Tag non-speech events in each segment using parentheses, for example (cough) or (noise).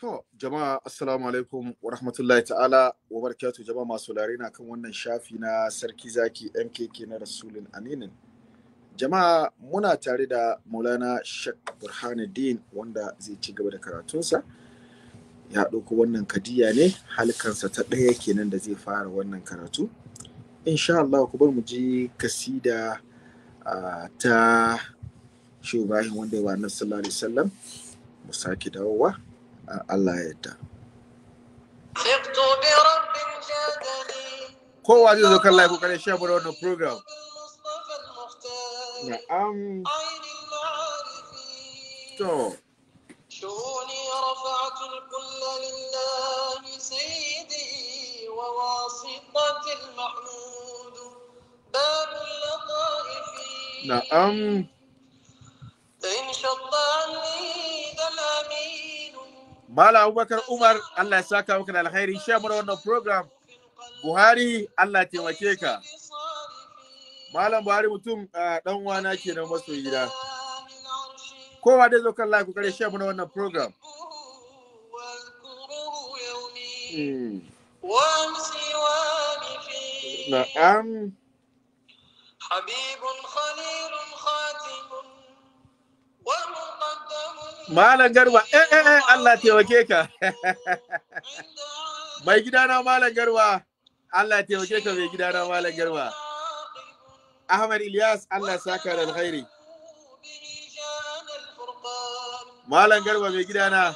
To, jama'a assalamu alaikum wa rahmatullahi ta'ala wa barakatuh jama'a masu na kan wannan shafi na sarki zaki MKK na Rasulun Aminin. Jama'a muna tare da Maulana Sheikh Burhanuddin wanda zai ci gaba da karatunsa. Ya ɗauko wannan kadiya ne halkansa ta ɗaya kenan da zai fara wannan karatu. Insha Allah ku bar mu ji kasida ta Shehu wanda ya wa Annabi sallallahu alaihi wasallam mu sake dawowa. Allah ya yarda kowa zai zo kan live kokarin shi abuwa wannan program na'am to شؤوني رفعت الكل لله سيدي وواسطة المحمود باب اللطائف نعم إن شط عني Mala Abubakar Umar, Allah ya saka maka da alkhairi, sha mana wannan program. Buhari, Allah taimake ka. Malam Buhari mutum dan wana kenan masoyi gida. Kowa dai zo kan live kare sha mana wannan program. Hmm. Na'am. Habibun Malam Garba, eh eh eh Allah taimake ka. (laughs) Mai gidana Malam Garba, Allah taimake ka mai gidana Malam Garba. Ahmad Ilyas, Allah saka da alkhairi. Malam Garba mai gidana.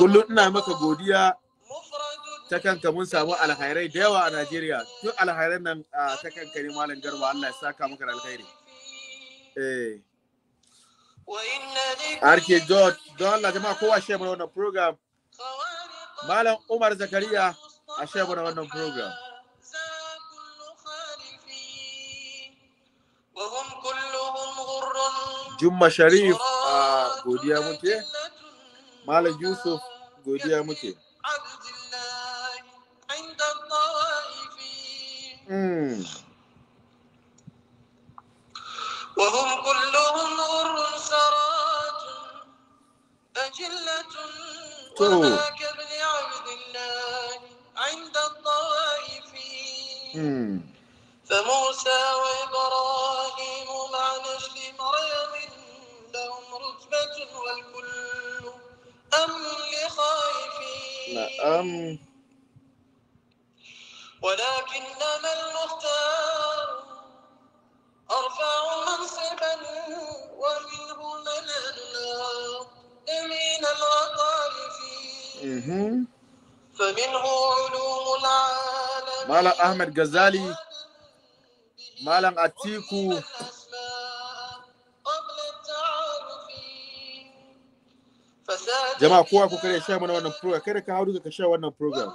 Kullum ina maka godiya ta kanka mun samu alkhairai da yawa a Najeriya. Tun alkhairan nan ah, ta kanka ne Malam Garba, Allah ya saka maka da alkhairi. eh arke George don Allah jama'a kowa shi mana wannan program Malam Umar Zakariya a shi mana wannan program Jumma Sharif a godiya muke Malam Yusuf godiya muke Mm. 做。Ahmed Ghazali, Malam Atiku, jama'a kowa ku kare sha mana wannan program kada ka hau duka ka sha wannan program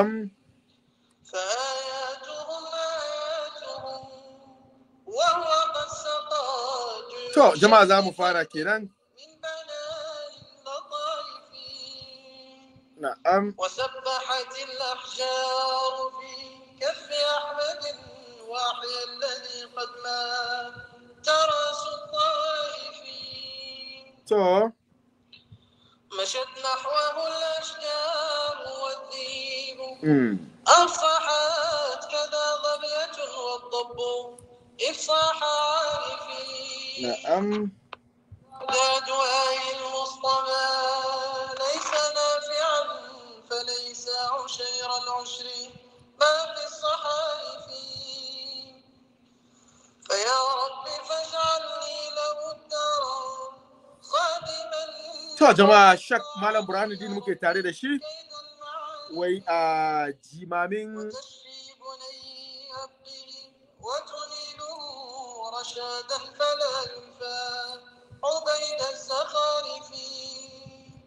أم فآياتهم وهو تو جماعة زامو فارا كيران نعم وسبحت الأحجار في كف أحمد وحي الذي قد مات ترس الطائفين تو مشت نحوه الأشجار أفصحت كذا ظبية والضب إفصاح عارفين نعم لا دعاء المصطفى ليس نافعا فليس عشير العشر ما في الصحائف فيا رب فاجعلني له الدار خادما يا جماعه الشك مالا ابراهيم الدين ممكن رشيد الشيء wai a jimamin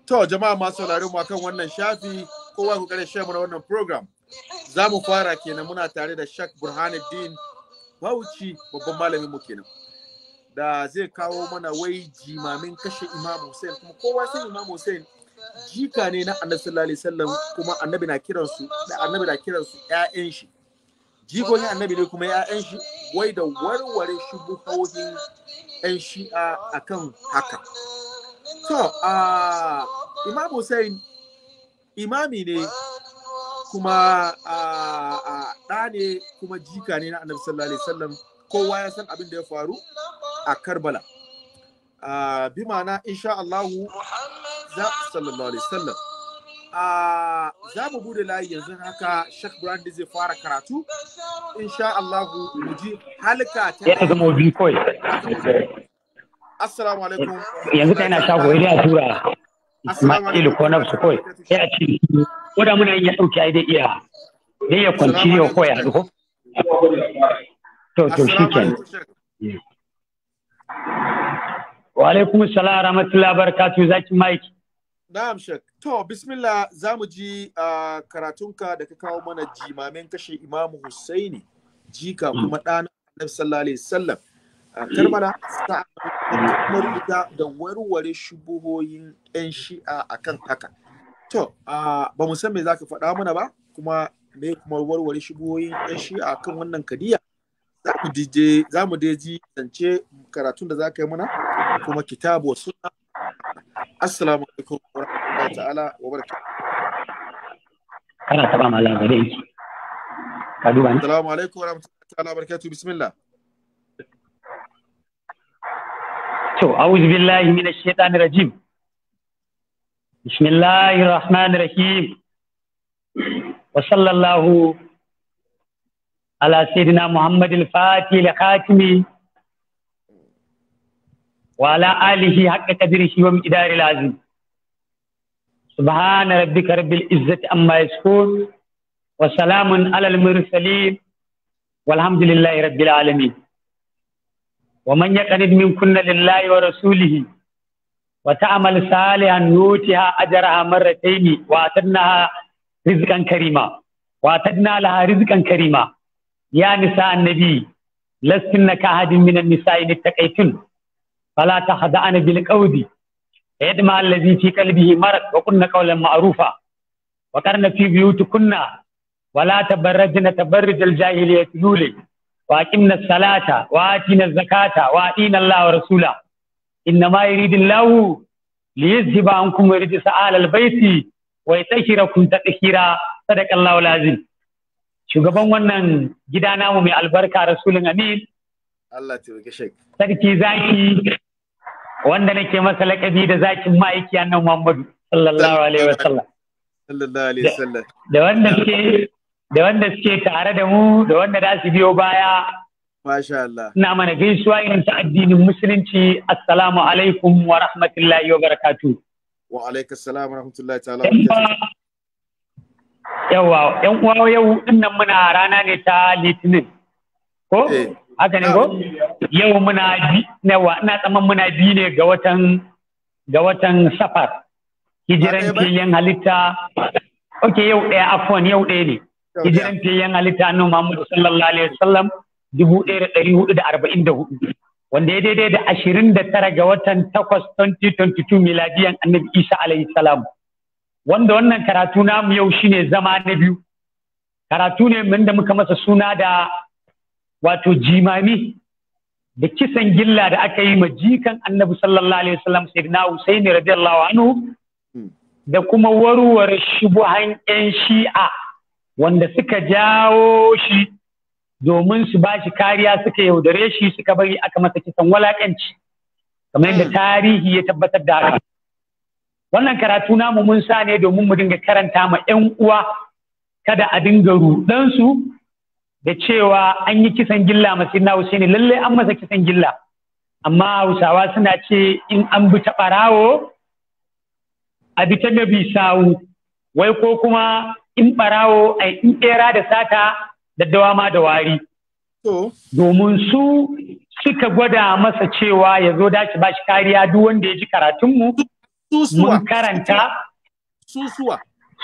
To jama'a masu sauraro mu akan wannan shafi kowa ku kare share mana wannan program. Za mu fara kenan muna tare da Shak Burhanuddin Bauchi babban malamin mu kenan. Da zai kawo mana wai jimamin kashe Imam Hussein kuma kowa san Imam Hussein jika ne na annabi sallallahu alaihi wasallam kuma annabi na kiran su da annabi na kiran su ƴaƴan shi jikokin annabi ne kuma ƴaƴan shi wai da warware shubuhohin ƴan shi'a akan haka to a imam Hussein imami ne kuma ɗa ne kuma jika ne na annabi sallallahu alaihi wasallam kowa ya san abin da ya faru a Karbala bi ma'ana insha Allahu sallallahu alaihi wasallam a za mu bude layi yanzu haka Sheikh Brandi zai fara karatu insha Allah mu ji halka ta ya zama bi koi assalamu alaikum yanzu kai na shago idan ya tura Ismail ko na su koi ya ci ko da muna yin ya dauki ai dai iya dai ya kwanci ya koi a ko to to shikenan wa alaikum assalam rahmatullahi barakatuh zaki mike Na'am Shek. To, bismillah za mu ji uh, karatunka da ka kawo mana jimamin kashe Imamu Hussaini jika mm. kuma ɗana Annabi sallallahu alaihi wasallam. Uh, ah, Karbala da da warware shubuhoyin ƴan shi'a akan haka. To, ah, ba mu san me za ka faɗa mana ba, kuma me kuma warware shubuhoyin 'yan shi'a kan wannan kadiya. Za mu je zance karatun da za ka yi mana kuma kitabu suna assalamu alaikum wa rahmatullahi ta'ala wa barakatuh kana taba mala gare ki ka duba ni assalamu alaikum wa rahmatullahi ta'ala wa barakatuh bismillah to a'udhu billahi minash shaitanir rajim bismillahir rahmanir rahim wa sallallahu ala sayyidina muhammadil fatih وعلى آله حق قدره ومقدار العظيم سبحان ربك رب العزة أما يصفون وسلام على المرسلين والحمد لله رب العالمين ومن يقند منكن لله ورسوله وتعمل صالحا نوتها أجرها مرتين وأعتدناها رزقا كريما وأعتدنا لها رزقا كريما يا نساء النبي لستن كأحد من النساء إن اتقيتن فلا تخدعن بالقول فيدمع الذي في قلبه مرض وقلن قولا معروفا وقرن في بيوتكن ولا تبرجن تبرج الجاهلية الأولى وأقمنا الصلاة وآتينا الزكاة وآتينا الله ورسوله إنما يريد الله ليذهب عنكم الرجس آل البيت ويطهركم تطهيرا صدق الله العظيم shugaban wannan gida namu mai albarka rasulun amin Allah ta sarki zaki wanda nake masa lakabi da zakin ma'aiki annan Muhammadu sallallahu alaihi wasallam sallallahu alaihi wasallam da wanda suke da wanda suke tare da mu da wanda da su biyo baya masha Allah ina mana gaisuwa irin ta addinin musulunci assalamu alaikum wa rahmatullahi wa barakatuh wa alaikum salam wa rahmatullahi ta'ala yawa yan uwa yau dinnan muna rana ne ta litinin ko eh. haka ne ko yau muna nawa ina tsaman muna bi ne ga watan ga watan safar hijiran fiyayyen halitta ok yau ɗaya afwan yau ɗaya ne hijiran fiyayyen halitta annabi Muhammad sallallahu alaihi wasallam dubu ɗaya da ɗari da arba'in da hudu wanda ya daidai da ashirin da tara ga watan takwas 2022 miladiyan annabi Isa alaihi salam wanda wannan karatu namu yau shine zama na biyu karatu ne mun da muka masa suna da wato jimami da kisan gilla da aka yi ma jikan annabi sallallahu alaihi wasallam sayyidina Husaini radiyallahu anhu hmm. da kuma warware shubuhan yan shi'a wanda suka jawo shi domin su ba shi kariya suka yaudare shi suka bari aka masa kisan walakanci kamar yadda hmm. tarihi ya tabbatar da haka wannan karatu namu mun sa ne domin mu dinga karanta ma 'yan uwa kada a dinga ruɗansu da cewa an yi kisan gilla masu na ne lallai an masa kisan gilla amma Hausawa suna ce in an bi ta ɓarawo a bi ta nabi sawu wai ko kuma in ɓarawo a in ɗera da sata da dawama da wari domin su suka gwada masa cewa ya zo dace ba shi kariya duk wanda ya ji karatunmu mun karanta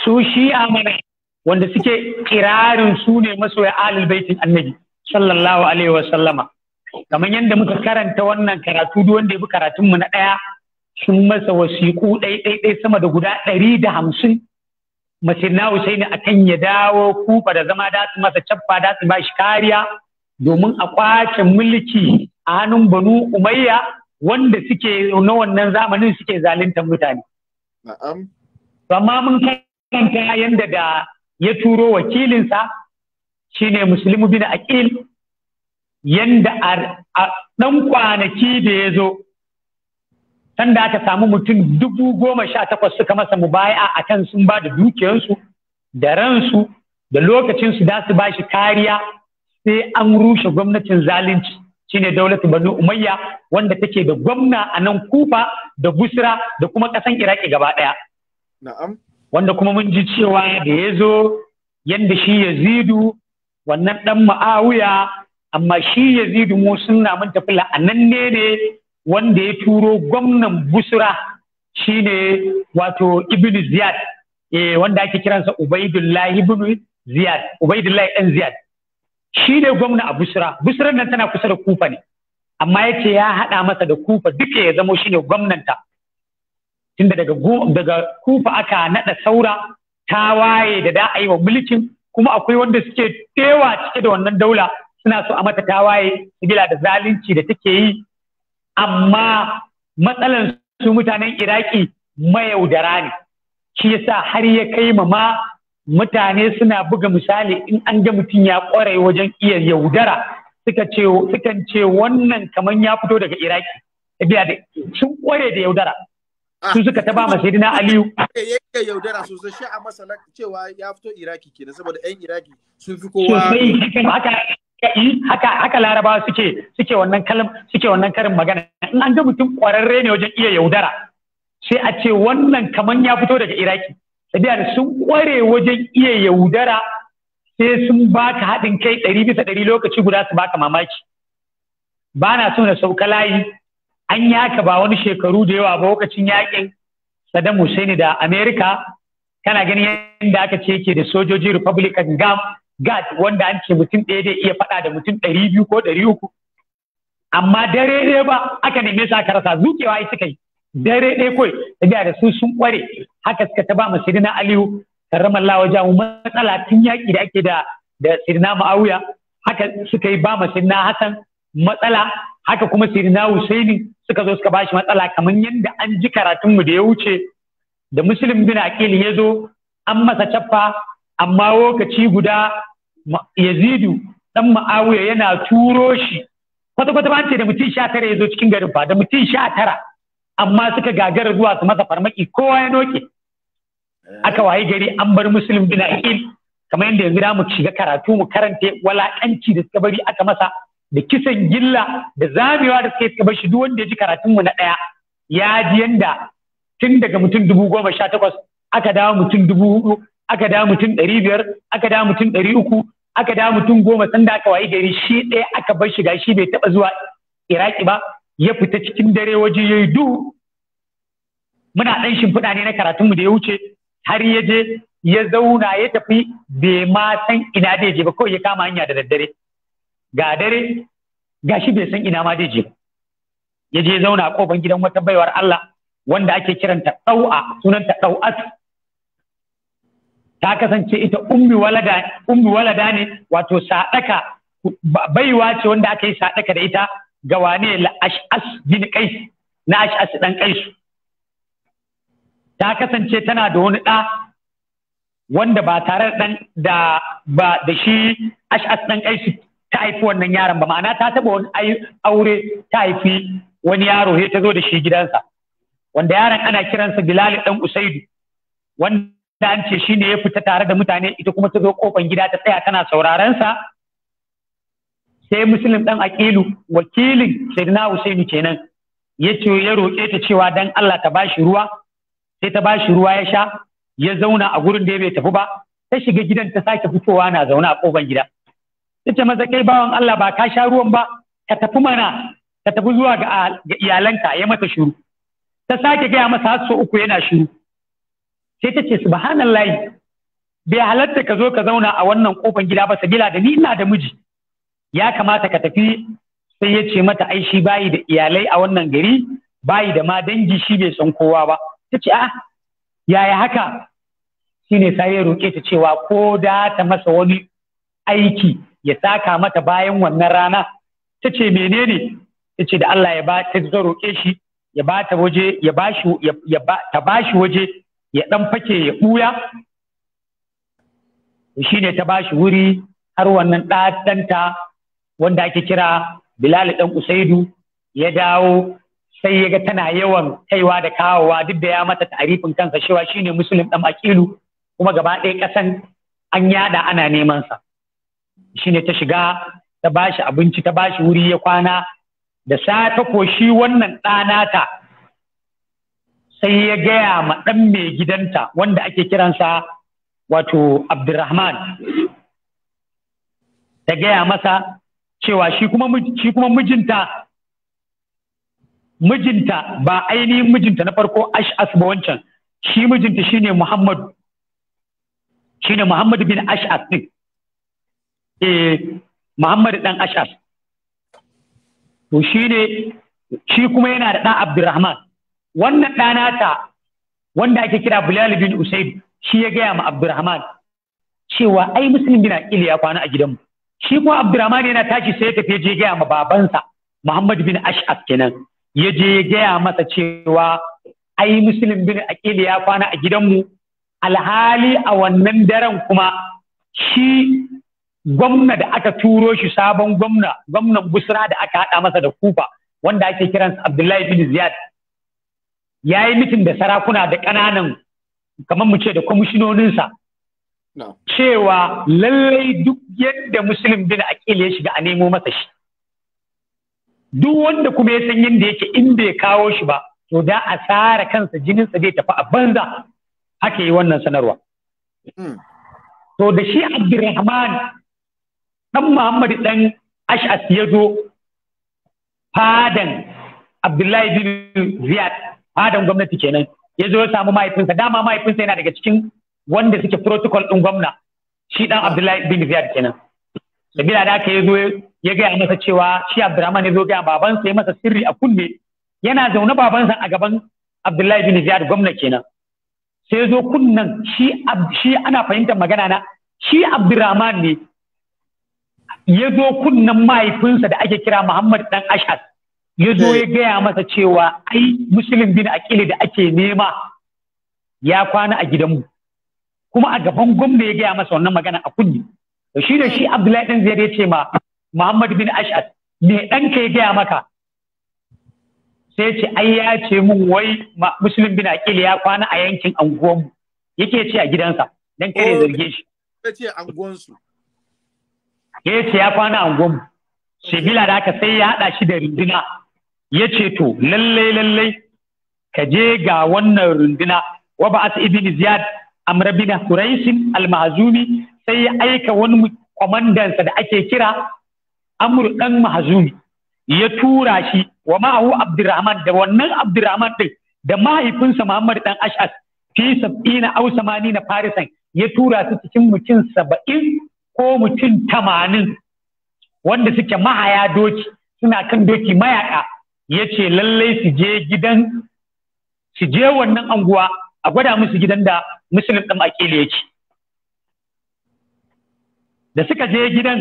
su shi a mana wanda suke kirarin su ne masoya alil baitin annabi sallallahu alaihi wasallama kamar yadda muka karanta wannan karatu duk wanda ya bi karatun mu na daya sun masa wasiku ɗai sama da guda ɗari da hamsin na Husaini akan ya dawo kufa da zama da su masa cappa da su bashi kariya domin a kwace mulki a hannun banu umayya wanda suke na wannan zamanin suke zaluntar mutane. Amma mun kanta yadda da ya turo wakilinsa shi ne musulmi bin aqil yanda a ɗan kwanaki da ya zo sanda aka samu mutum dubu goma sha takwas suka masa mubaya a kan sun ba da dukiyarsu da ransu da lokacinsu da su ba shi kariya sai an rushe gwamnatin zalunci shine daulatu banu umayya wanda take da gwamna a nan kufa da busra da kuma ƙasan iraki gaba ɗaya. Na'am. wanda kuma mun ji cewa da ya zo yadda shi ya yazidu wannan ɗan ma'awuya amma shi yazidu mu na mun tafi la'ananne ne wanda ya turo gwamnan busra shine wato ibn ziyad eh, wanda ake kiransa ubaidullahi ibn ziyad ubaidullahi dan ziyad shi ne gwamna a busra busra nan tana kusa da kufa ne amma yace ya haɗa masa da kufa duka ya zamo ne gwamnanta tunda daga daga kufa aka naɗa saura tawaye da da a mulkin kuma akwai wanda suke tewa cike da wannan daula suna so a mata tawaye bila da zalunci da take yi amma matsalan su mutanen iraki mayaudara ne shi yasa har ya kai ma mutane suna buga misali in an ga mutum ya kware wajen iya yaudara suka ce sukan ce wannan kaman ya fito daga iraki da sun kware da yaudara Ah. su suka ta ba ma sayyidina aliyu eh, yake yaudara sosai shi a masana cewa ya fito iraki kenan saboda ƴan iraki sun fi kowa haka haka larabawa suke suke wannan kalam suke wannan karin magana in an ga mutum kwararre ne wajen iya yaudara sai a ce wannan kaman ya fito daga iraki sabiya sun kware wajen iya yaudara sai sun baka haɗin kai ɗari bisa ɗari lokaci guda su baka mamaki ba na so na sauka layi an yaka ba wani shekaru da yawa ba lokacin yakin Saddam Hussein da Amerika kana ganin yadda aka ce ke da sojoji Republican Gam Gad wanda an ce mutum ɗaya zai iya faɗa da mutum ɗari biyu ko ɗari uku. Amma dare ɗaya ba aka neme su aka rasa zukewa ya suka yi. Dare ɗaya kawai biya da su sun ƙware haka suka ta ba mu Sirina Aliyu karramallah wajen matsala tun yaƙi da ake da da Sirina Ma'auya haka suka yi ba mu Sirina Hassan matsala haka kuma sirina Husaini suka zo suka bashi matsala kaman yadda an ji karatun mu da ya wuce da Muslim bin Aqil ya zo an masa caffa amma lokaci guda Yazidu dan Muawiya yana turo shi kwata kwata ce da mutum sha tara ya zo cikin garin fa da mutum sha tara amma suka gagara zuwa su masa farmaki kowa ya noke aka waye gari an bar Muslim bin Aqil kamar yadda yanzu mu shiga karatu mu karanta walakanci da suka bari aka masa da kisan gilla da zamewa da suka suka shi duk wanda ya ji karatunmu na ɗaya ya ji yanda tun daga mutum dubu goma sha takwas aka dawo mutum dubu hudu aka dawo mutum ɗari biyar aka dawo mutum ɗari uku aka dawo mutum goma sanda aka wayi gari shi ɗaya aka bar shiga shi bai taɓa zuwa iraki ba ya fita cikin dare waje ya yi duhu muna ɗan shimfiɗa ne na karatunmu da ya wuce har ya je ya zauna ya tafi bai ma san ina da je ba kawai ya kama hanya da daddare ga dare ga shi bai san ina ma zai je ba ya je zauna a kofar gidan wata baiwar Allah wanda ake kiranta ɗau'a sunanta ɗau'at ta kasance ita ummi walada ummi walada ne wato sadaka baiwa ce wanda aka yi sadaka da ita ga wane la ash'as bin kai, na ash'as dan kaisu. ta kasance tana da wani ɗa wanda ba tare da ba da shi ash'as ɗan kaisu. ta haifi wannan yaron ba ma'ana ta taba wani aure ta haifi wani yaro sai ta zo da shi gidansa wanda yaron ana kiransa Bilal dan Usaidu wanda an ce shine ya fita tare da mutane ita kuma ta zo kofan gida ta tsaya tana sauraron sa sai Muslim dan Akilu, wakilin Sayyidina usaidu kenan ya ce ya roƙe ta cewa dan Allah ta bashi ruwa sai ta bashi ruwa ya sha ya zauna a gurin da ya bai tafi ba ta shiga gidan ta sake fitowa na zaune a kofan gida Tace maza kai bawan Allah ba ka sha ruwan ba ka tafi mana ka tafi zuwa ga iyalanka ya mata shiru. ta sake gaya masa har so uku yana shiru. sai ta ce subhanallahi bai halatta ka zo ka zauna a wannan kofan gida ba sabila da ni ina da miji ya kamata ka tafi sai ya ce mata ai shi bayi da iyalai a wannan gari bayi da ma dangi shi bai san kowa ba ta ce ah yaya haka shine sai ya roƙe ta cewa ko da ta masa wani aiki ya saka mata bayan wannan rana ta ce menene ta ce da Allah ya ba ta roƙe shi ya ba ta waje ya ba shi ya ba ta ba shi waje ya dan fake ya buya shi ne ta ba shi wuri har wannan ɗatanta wanda ake kira Bilal dan Usaidu ya dawo sai ya ga tana yawan kaiwa da kawowa duk da ya mata tarifin kansa shi ne musulun ɗan Akilu kuma gaba ɗaya ƙasan an yada ana neman sa shine ta shiga ta bashi abinci ta bashi wuri ya kwana da safe ko shi wannan ɗanata sai ya gaya ma ɗan mai gidanta wanda ake kiransa wato Abdurrahman ta gaya masa cewa shi kuma mijinta mijinta ba ainihin mijinta na farko Ash'as ba wancan shi mijinta shine Muhammad shine Muhammad bin Ash'as din eh Muhammad dan Ashar to shine shi kuma yana da ɗan Abdurrahman wannan ɗana ta wanda ake kira Bilal bin Usaid shi ya gaya ma Abdurrahman cewa ai musulmi bin Aqil ya kwana a gidanmu shi kuma Abdurrahman yana tashi sai ya tafi je gaya ma babansa Muhammad bin Ash'ab kenan ya je ya gaya masa cewa ai musulmi bin akili ya kwana a gidanmu alhali a wannan daren kuma shi gwamna da aka turo shi sabon gwamna gwamnan busra da aka haɗa masa da kufa wanda ake kiransa abdullahi bin ziyad ya yi mitin da sarakuna da kananan kamar mu ce da kwamishinoninsa cewa lallai duk yadda musulun bin aƙil ya shiga a nemo masa shi duk wanda kuma ya san yadda yake in bai kawo shi ba to da a tsara kansa jininsa zai tafi a banza haka yi wannan sanarwa hmm. to da shi abdulrahman dan Muhammad dan Ash'as ya zo fadan Abdullahi bin Ziyad fadan gwamnati kenan ya zo ya samu mahaifinsa dama mahaifinsa yana daga cikin wanda suke protocol din gwamna shi dan Abdullahi bin Ziyad kenan sabila da haka ya zo ya gaya masa cewa shi Abdurrahman ya zo gaya babansa ya masa sirri a kunne yana zaune babansa a gaban Abdullahi bin Ziyad gwamna kenan sai ya zo kunnan shi shi ana fahimtar magana na shi Abdurrahman ne ya zo kunnan mahaifinsa da ake kira Muhammad dan Ashad ya zo ya gaya masa cewa ai Musulun bin Akili da ake nema ya kwana a gidanmu kuma a gaban gwamna ya gaya masa wannan magana a kunni to shi da shi Abdullahi dan Ziyad ya ce ma Muhammad bin Ashad me ka ya gaya maka sai ce ai ya ce mun wai Musulun bin Akili ya kwana a yankin anguwanmu yake ce a gidansa dan kare oh. zarge shi ce anguwansu ya ce ya kwana anguwanmu shebila da aka sai ya haɗa shi da runduna ya ce to lallai lallai ka je ga wannan runduna wa ba ibn ziyad amr bin quraish al mahzumi sai ya aika wani kwamandansa da ake kira amr dan mahzumi ya tura shi wa ma'ahu abdurrahman da wannan abdurrahman din da mahaifinsa muhammad dan ash'as fi sab'ina aw na farisan ya tura su cikin mutum saba'in ko mutum tamanin wanda suke mahaya doki suna kan doki mayaka ya ce lallai su je gidan su je wannan anguwa a gwada musu gidan da musulun ɗan akili ci. da suka je gidan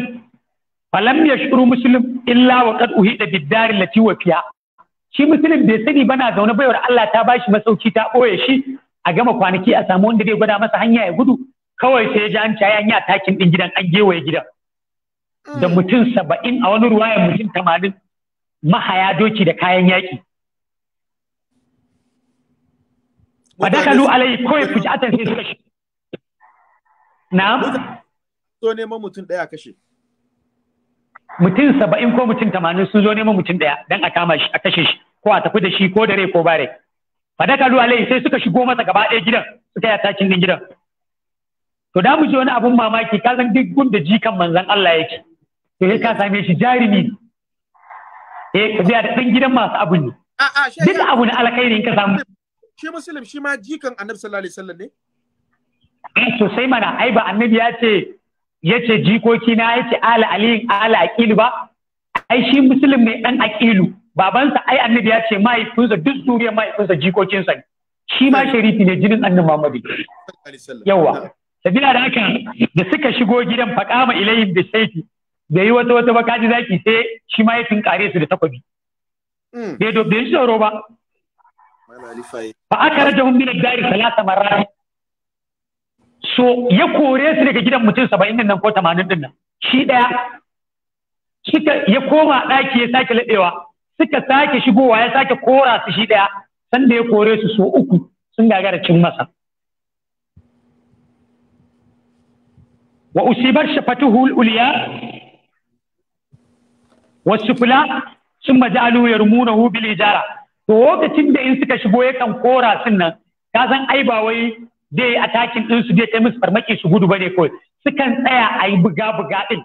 falam ya shuru musulun illa wa kad da biddari la wa shi musulun bai sani bana zaune baiwar Allah ta bashi masauki ta ɓoye shi a gama kwanaki a samu wanda zai gwada masa hanya ya gudu kawai sai ji an caya ya takin ɗin din gidan an gewaye gidan da mm. mutum saba'in a wani ruwa mutum tamanin mahaya doki da kayan yaƙi. Fadakalu alai kawai atan sai suka shi. Na? So neman mutum ɗaya kashe. Mutum saba'in ko mutum tamanin sun zo neman mutum ɗaya don a kama shi a kashe shi ko a tafi da shi ko da rai ko ba bare. Fadakalu alai sai suka shigo masa gaba ɗaya gidan suka yi atakin din gidan. to da mu ji wani abun mamaki ka san duk da jikan manzon Allah yake to sai ka same shi jarumi eh ka biya da dan gidan masu abu ne a a duk abu ne alkhairi in ka samu shi musulmi shi ma jikan annabi sallallahu alaihi wasallam ne eh, to sai mana ai ba annabi ya ce yace jikoki na yace ala aliyin ala aqil ba ai shi musulmi mai dan aqilu babansa ai annabi ya ce mahaifinsa duk zuriyar mahaifinsa jikokinsa sa shi ma sharifi ne jinin annabi Muhammadu yawa sabila da haka da suka shigo gidan ma ilayhim bi sayfi da yi wata wata bakaji zaki sai shi ma ya tinkare su da takwabi hmm. bai dobe bai tsoro ba fa aka raja hun ad-dari thalatha marrat so ya kore su daga gidan mutum 70 din nan ko 80 din nan shi daya suka ya koma ɗaki ya sake laɗewa suka sake shigowa ya sake kora su shi ɗaya sanda ya kore su so uku sun gagara cin masa wa usibar shafatuhu al-ulya wasufula summa ja'alu yarmunahu bil ijara to lokacin da in suka shigo yakan kora sun nan ka san ai ba wai dai attacking din su dai ta musu farmaki su gudu bane kawai sukan tsaya a yi buga buga din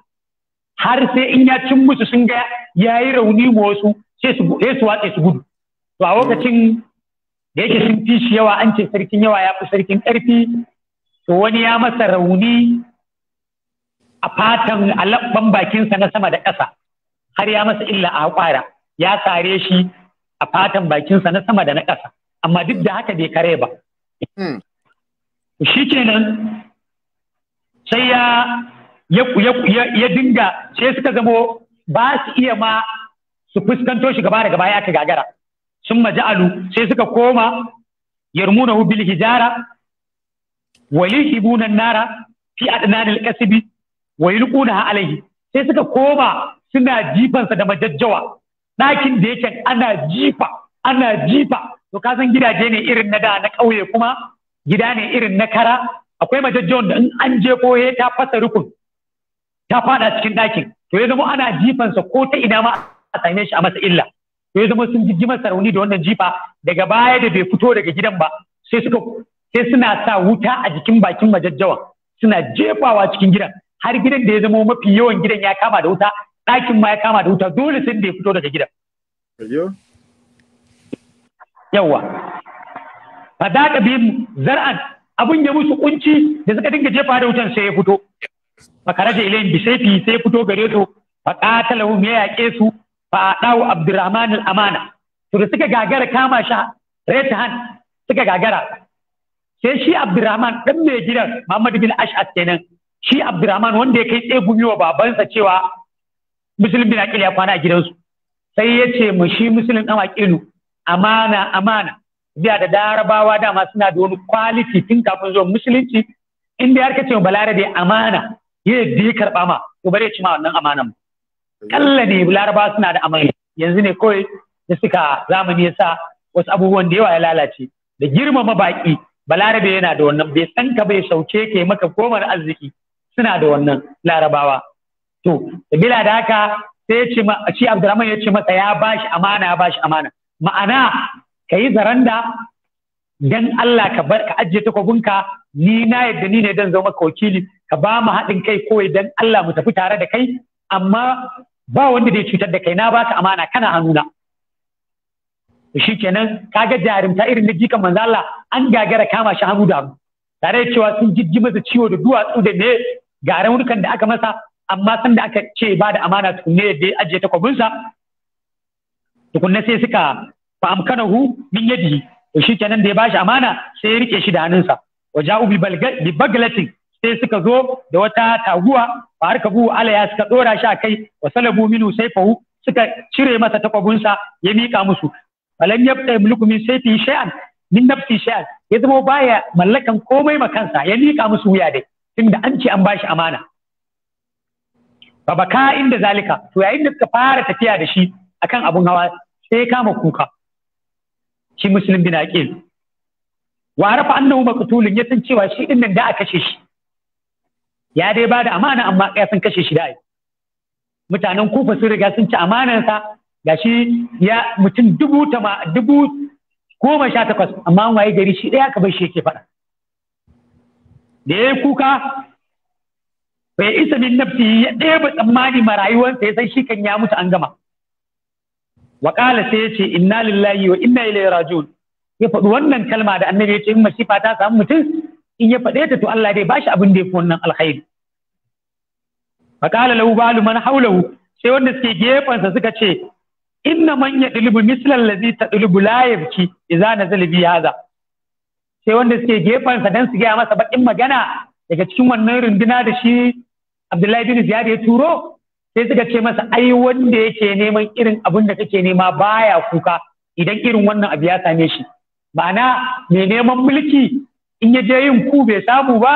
har sai in ya cin musu sun ga yayi rauni ma wasu sai su sai su su gudu to a lokacin da yake sun fi shi yawa an ce sarkin yawa ya fi sarkin karfi to wani ya masa rauni a fatan a labban bakinsa na sama da ƙasa har ya masa illa a haƙwara ya sare shi a fatan bakinsa na sama da na ƙasa amma duk da haka bai kare ba hmm. shi kenan sai ya ya dinga sai suka zamo ba su iya ma su fuskanto shi gaba da gaba ya ka gagara sun maja'alu sai suka koma yarmunahu bil hijara walihibunan nara fi adnanil kasbi wa ha alaihi sai suka koma suna jifansa da majajjawa ɗakin da yake ana jifa ana jifa to ka san gidaje ne irin na da na ƙauye kuma gida ne irin na kara akwai majajjawan da in an je ko ta fasa rukun ta fada cikin ɗakin to ya zama ana jifansa ko ta ina ma a same shi a masa illa to ya zama sun ji masa rauni da wannan jifa daga baya da bai fito daga gidan ba sai suka sai suna sa wuta a jikin bakin majajjawan suna jefawa cikin gidan har gidan da ya zama mafi yawan gidan ya kama da wuta ɗakin ma ya kama da wuta dole sun da ya fito daga gidan Yawwa ba za ka bi zar'an abin ya musu kunci da suka dinga jefa da wutan sai ya fito Ba karaja da bi sayfi sai ya fito gare su fa ya yaƙe su ba a abdurrahman al-amana to da suka gagara kama shi right suka gagara sai shi abdurrahman ɗan mai gidan Muhammadu bin ash'ad kenan shi Abdurrahman wanda ya kai tsegumi wa babansa cewa musulun bin Aqil ya kwana a gidansu sai ya ce mu shi musulun dan Aqilu amana amana biya da darabawa dama suna da wani quality tun kafin zuwa musulunci inda har kace da amana ya yadda ya karba ma to bare ci ma wannan amanan kalla ne laraba suna da amana yanzu ne kawai da suka zamani yasa wasu abubuwan da yawa ya lalace da girmama baki balarabe yana da wannan bai san ka bai sauke ke maka komar arziki suna da wannan larabawa to bila da haka sai ya ce shi Abdurrahman ya ce masa ya ba shi amana ya ba shi amana ma'ana ka yi zaranda dan Allah ka bar ka ajiye takobinka ni na yadda ni ne dan zama maka wakili ka ba mu haɗin kai kawai dan Allah mu tafi tare da kai amma ba wanda zai cutar da kai na ba ka amana kana hannuna shi kenan ka ga jarumta irin na jikan manzo Allah an gagara kama shi hannu da hannu tare da cewa sun jijji masa ciwo da duwatsu da me ga raunukan da aka masa amma san da aka ce ba da amana tukunne da ya ajiye takwabinsa tukunne sai suka fa'amkanahu min yadi to shi kenan da ya bashi amana sai ya rike shi da hannunsa wa ja'u bi baglatin sai suka zo da wata taguwa fa buhu alaya suka dora shi kai wa salabu minu sayfahu suka cire masa takwabinsa ya mika musu falan yabta yamliku min sayfi shay'an min nafsi shay'an ya zama baya mallakan komai kansa ya mika musu wuya dai tunda an ce an bashi amana baba ka inda zalika to yayin da suka fara tafiya da shi akan abun hawa sai kama kuka shi muslim bin aqil wa rafa annahu maqtulun ya san cewa shi din nan da a kashe shi ya dai da amana amma ya kashe shi da ai mutanen kufa sun riga sun ci amanansa gashi ya mutum dubu tama dubu goma sha takwas amma waye gari shi ɗaya ka bar shi yake faɗa da ya kuka bai isa min nafsi ya ɗeba tsammani ma rayuwarsa ya san shi kan ya mutu an gama wa sai ya ce inna lillahi wa inna ilaihi raji'un ya faɗi wannan kalma da annabi ya ce in masifa ta samu mutum in ya faɗe ta to Allah dai bashi abin da ya fi wannan alkhairi fa lau lahu ba'lu man haulawu sai wanda suke gefensa suka ce inna man mislan lazi ta ɗulubu la yabki idza nazala bi hadha sai wanda suke gefensa don su gaya masa baƙin magana daga cikin wannan runduna da shi Abdullahi bin Ziyad ya turo sai suka ce masa ai wanda yake neman irin abin da kake nema baya kuka idan irin wannan abu ya same shi ma'ana mai neman mulki in ya je yin ku bai samu ba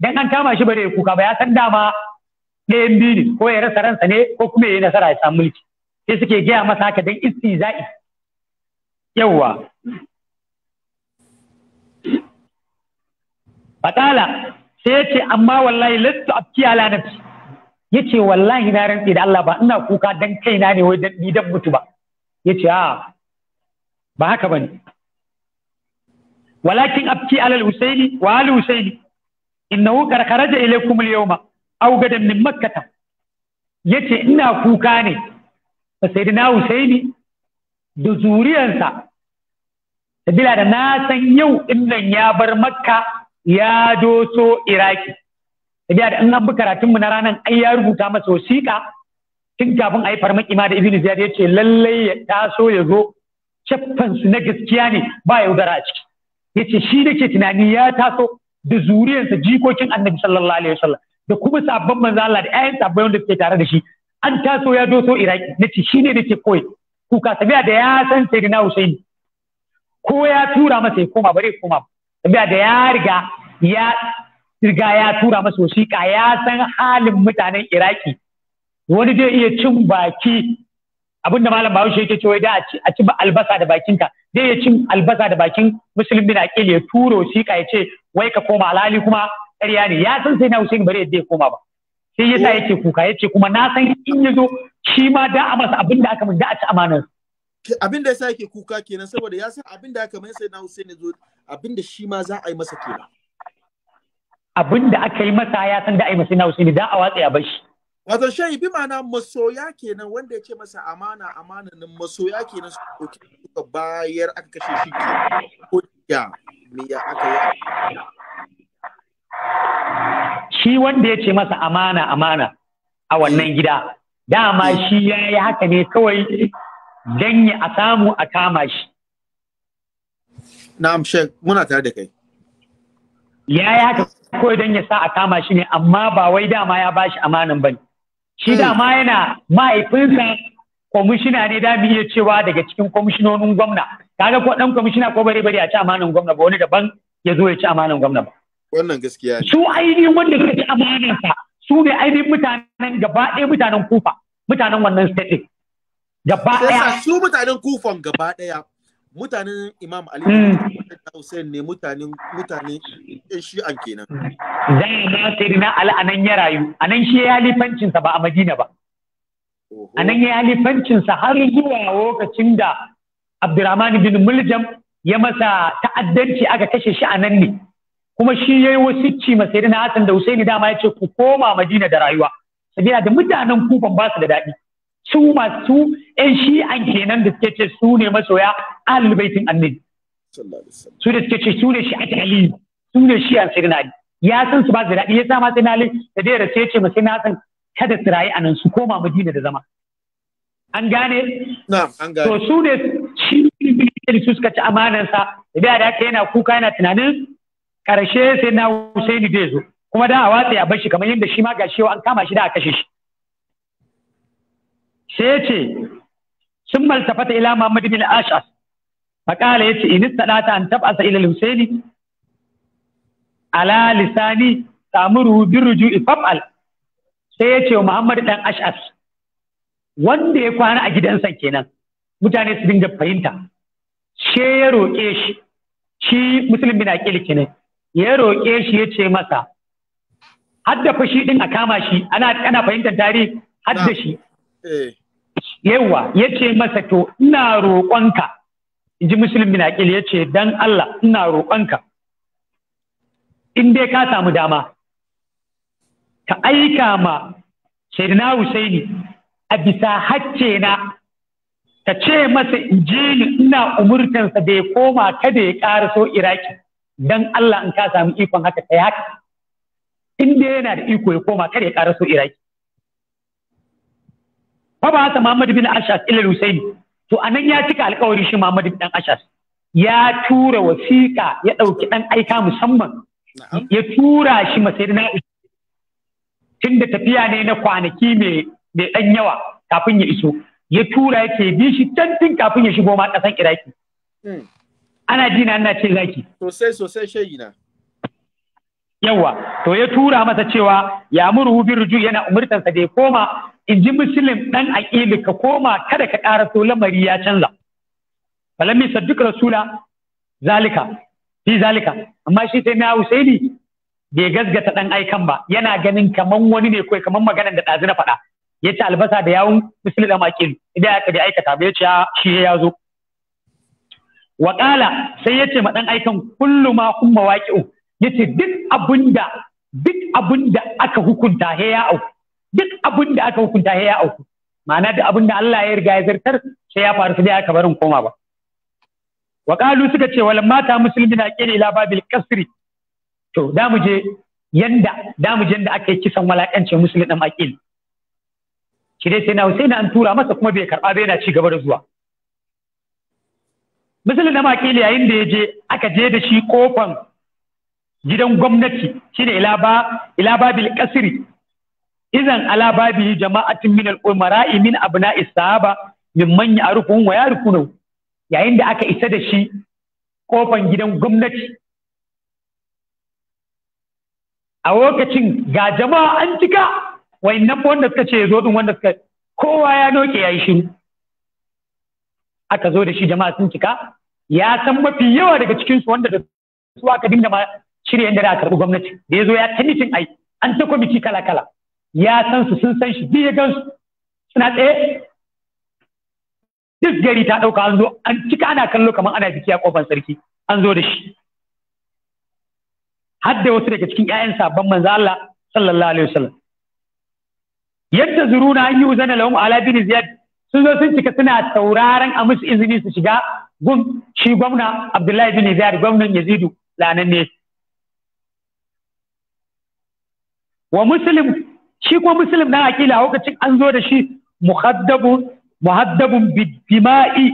dan an kama shi bare kuka ba ya san dama ɗayan biyu ko ya rasa ransa ne ko kuma ya yi nasara ya samu mulki sai suke gaya masa haka dan istiza'i yawwa fatala sai yace amma wallahi lastu abki ala nafsi yace wallahi na rantsi da Allah ba ina kuka dan kaina ne wai dan dan mutu ba yace a ba haka bane walakin abki ala al-husaini wa al husaini innahu qad kharaja ilaykum al-yawma aw gadan min makkah yace ina kuka ne sayyidina husaini da zuriyansa sabila da na san yau innan ya bar makka ya doso iraki tabiya da in an bi karatun mu na ranar ai ya rubuta masa wasiƙa tun kafin a yi farmaki ma da ibnu ziyad ya ce lallai ya taso ya zo caffan na gaskiya ne ba yaudara a ciki yace shi ke tunani ya taso da zuriyarsa jikokin annabi sallallahu alaihi wasallam da kuma sabbin manzo Allah da ƴaƴan sabbai wanda suke tare da shi an taso ya doso iraki ce shi ne ke koyi kuka tabiya da ya san na husaini ko ya tura masa ya koma bare koma ba da ya riga ya riga ya tura masa wasiƙa ya san halin mutanen iraki wani zai iya cin baki abin da malam bahaushe yake cewa da a ci albasa da bakinka zai iya cin albasa da bakin musulmi na ƙil ya tura wasiƙa ya ce wai ka koma alhali kuma ƙarya ne ya san sai na Hussein bari zai koma ba sai yasa yake kuka ya ce kuma na san in ya zo shi ma da a masa abin da aka min da a ci amanar abin da yasa yake kuka kenan saboda ya san abin da aka mai sai na Hussein ya zo abinda shi ma za a yi masa kenan abinda aka yi masa ya san da a yi masa na Husaini da a watsa ya bashi wato shehi bi ma'ana masoya kenan wanda ya ce masa amana amana nan masoya kenan su ɗauki suka bayar aka kashe shi ke ko ya me ya aka yi shi wanda ya ce masa amana amana a wannan gida dama shi ya yi haka ne kawai don a samu a kama shi Na'am Sheikh muna tare da kai. Ya yi haka ko don ya sa a kama shi ne amma ba wai dama ya bashi amanan bane. Shi hmm. dama yana mahaifinsa kwamishina ne da mu iya cewa daga cikin kwamishinonin gwamna. Kaga ko dan kwamishina ko bare bare a ci amanan gwamna ba wani daban ya zo ya ci amanan gwamna ba. Wannan gaskiya ne. Su ainihin wanda suka ci sa su ne ainihin mutanen gaba ɗaya mutanen kufa mutanen wannan state Gaba ɗaya. Su mutanen kufan gaba ɗaya. mutanen imam ali hmm. Hussein ne mutanen mutanen an kenan zai na sirina ali anan ya rayu anan shi ya halifancin sa ba a madina ba anan ya halifancin sa har zuwa lokacin da abdurrahman bin muljam ya masa ta'addanci aka kashe shi a nan ne kuma shi ya wasu ci ma na hasan da husaini dama ya ce ku koma madina da rayuwa sabila da mutanen kufan ba su da daɗi su masu yan shi'an kenan da suke ce su ne masoya ahlul baitin annabi su da suke ce su ne a tali su ne shi a ali ya san su ba su daɗi ya sa ma sai na da dai da sai ce ma sai na san kada su rayu a nan su koma madina da zama an gane an gane to su ne shi su suka ci amanarsa da da haka yana kuka yana tunanin karshe sai na Husaini zai zo kuma da a watsa ya bashi kamar yadda shi ma gashi an kama shi da a kashe shi sai ya ce sun maltafata ila Muhammad bin Ash'as faƙala ya ce in istadata an tab'asa ila Husaini ala lisani tamuru birruju ifab'al sai ya ce wa Muhammad dan Ash'as wanda ya kwana a gidansa kenan mutane su dinga fahimta she ya roƙe shi shi musulmi bin aqil kenan ya roƙe shi ya ce masa hadda fashi ɗin a kama shi ana ana fahimtar tarihi hadda shi eh. yawa ya ce masa to ina roƙonka in ji musulun bin aƙil ya ce dan Allah ina roƙonka in dai ka samu dama ka aika ma Sayyidina Husaini a bisa hacce na ka ce masa in je ni ina umurtansa da ya koma kada ya ƙara so Iraki dan Allah in ka samu ikon haka ka haka in dai yana da iko ya koma kada ya ƙara so Iraki Baba ba Muhammad bin Ashas ila Husaini to a nan ya cika alƙawari shi Muhammad bin Ashas ya tura wasiƙa ya ɗauki ɗan aika musamman ya tura shi masirina tun da tafiya ne na kwanaki mai ɗan yawa kafin ya iso ya tura yake bi shi can kafin ya shigo ma ƙasan Iraki hmm. ana jina ana ce zaki sosai sosai shayi na yawa to ya tura masa cewa ya muru bi ruju yana umurtar sa da ya koma in ji muslim dan aqili ka koma kada ka ƙara so lamari ya canza falam duk rasula zalika fi zalika amma shi sai na husaini bai gasgata ɗan aikan ba yana ganin kaman wani ne kawai kamar maganar da ɗazi na faɗa ya ci albasa da yawun muslim ɗan aqil idan ya bai aikata ba ya shi ya zo wa sai ya ce ma ɗan aikan kullu ma kun mawaqi'u yace duk abinda duk abinda aka hukunta he ya auku duk abinda aka hukunta he ya auku ma'ana duk abinda Allah ya riga ya zartar sai ya faru sai aka barin koma ba wa suka ce wal mata muslimin aqil ila babil kasri to da mu je yanda da mu je yanda aka yi kisan walakancin musulmin dan aqil shi dai sai na Hussein an tura masa kuma bai karba bai na ci gaba da zuwa musulmin dan aqil yayin da ya je aka je da shi kofan gidan gwamnati shine ilaba ilaba bil qasri idan ala babi jama'atin min al umara'i min abna'is sahaba mimman ya'rifun wa yarifuna yayin da aka isa da shi kofan gidan gwamnati a lokacin ga jama'a an cika wayannan wanda suka ce zo din wanda suka kowa ya noke yayi shiru aka zo da shi jama'a sun cika ya san mafi yawa daga cikin su wanda da su aka dinga shirya inda aka karɓi gwamnati da ya zo ya ta ai an ta kwamiti kala kala ya san su sun san shi biye gansu suna tsaye duk gari ta ɗauka an zo an cika ana kallo kamar ana biki a kofar sarki an zo da shi har da wasu daga cikin 'ya'yan sabon manzo Allah sallallahu alaihi wasallam yadda zuruna an yi uzana lahum ala bin ziyad sun zo sun cika suna tauraron a musu izini su shiga gun shi gwamna Abdullahi bin Ziyad gwamnan Yazidu lanan ne wa muslim shi kuma muslim na akila lokacin an zo da shi muhaddabun muhaddabun bidima'i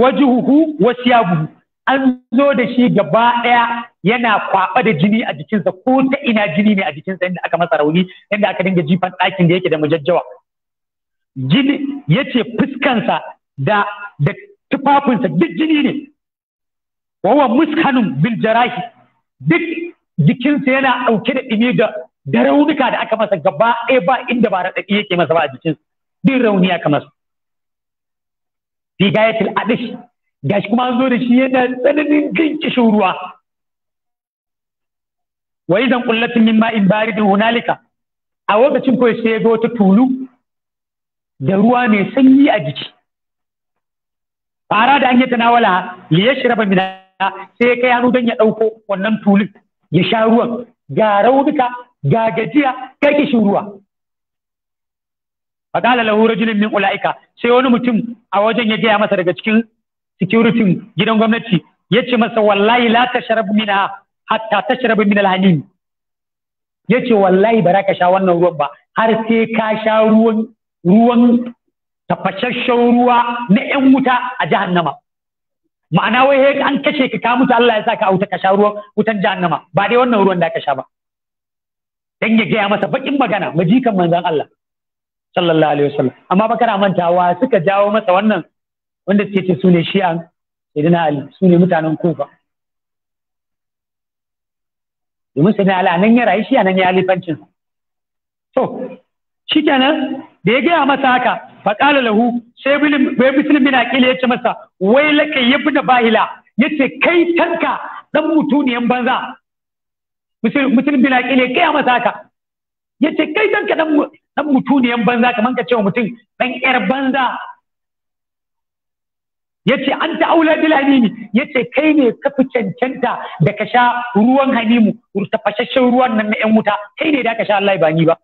wajuhu wa siyabuhu an zo da shi gaba ɗaya yana kwaɓa da jini a jikinsa ko ta ina jini ne a jikinsa inda aka masa rauni inda aka dinga jifan ɗakin da yake da mujajjawa jini ya ce fuskansa da da tufafinsa duk jini ne wawa muskanun bil jarahi duk jikinsa yana ɗauke da ɗumi da da raunuka da aka masa gaba ɗaya ba inda ba raɗaɗi yake masa ba a jikinsa bin rauni aka masa bidayatul adish gashi kuma an zo da shi yana tsananin jin ruwa wa idan qullatin min ma'in baridin hunalika a lokacin ko sai ya ga wata tulu da ruwa mai sanyi a jiki fara da an yi tanawala li yashraba min sai ya kai hannu don ya ɗauko wannan tulun ya sha ruwan ga raunuka ga gajiya kai kishin ruwa faqala lahu rajulun min ulaika sai wani mutum a wajen ya gaya masa daga cikin security gidan gwamnati yace masa wallahi la tashrab minha hatta tashrab min al-hanim yace wallahi ba ka sha wannan ruwan ba har sai ka sha ruwan ruwan tafashashshen ruwa na 'yan wuta a jahannama ma'ana wai he an kashe ka ka mutu Allah ya saka a wuta ka sha ruwan wutan jahannama ba dai wannan ruwan da ka sha ba dan ya gaya masa bakin magana majikan manzon Allah sallallahu alaihi wasallam amma ba kana mantawa suka jawo masa wannan wanda suke ce su ne shi'an sayyidina Ali su ne mutanen Kufa domin sai Ali nan ya rayu shi nan ya alifancin to shikenan da ya gaya masa haka faƙala lahu sai bai bisin bin aƙila ya ce masa wai laka ya da bahila ya ce kai tanka ɗan mutuniyan banza musulun bin aƙila ya kaya masa haka ya ce kai tanka ɗan mutuniyan banza kamar ka ce wa mutum ɗan ƴar banza ya ce an ta aula bilamini ya ce kai ne ka fi cancanta da ka sha ruwan hanimu tafashashen ruwan nan na 'yan wuta kai ne da ka sha Allah ba ni ba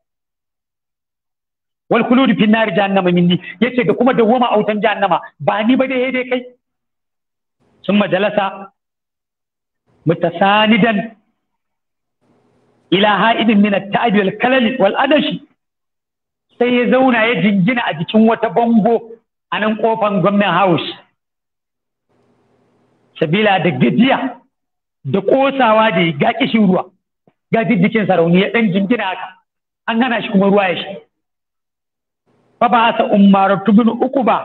wal kuludi fi nari jahannama minni yace da kuma dawoma a wutan jahannama ba ni ba dai dai kai sun majalasa mutasanidan ila ha'idin min at-ta'ib wal kalal wal adash sai ya zauna ya jingina a jikin wata bango a nan kofan gwamnan house sabila da gajiya da kosawa da ga kishin ruwa ga jikinsa sarauni ya dan jingina haka an hana shi kuma ruwa ya shi fa ba'asa tu bin ukuba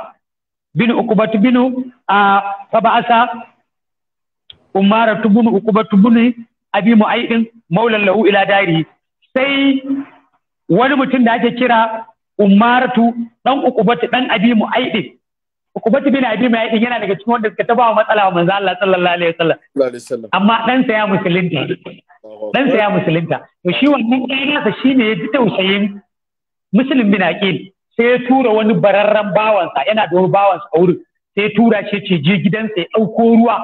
bin ukuba binu a fa ba'asa tu binu ukuba binu abi mu'aidin maulan lahu ila dari sai wani mutum da ake kira umaratu dan ukubatu dan abi ukuba ukubatu bin abi mu'aidin yana daga cikin wanda suka taba matsala wa manzo Allah sallallahu alaihi wasallam amma dan sa ya musulunta dan sa ya musulunta to shi wannan kai nasa shine ya ji tausayin muslim bin aqil sai ya tura wani bararren bawansa yana da wani bawansa a wurin sai ya tura shi ce je gidansa ya ɗauko ruwa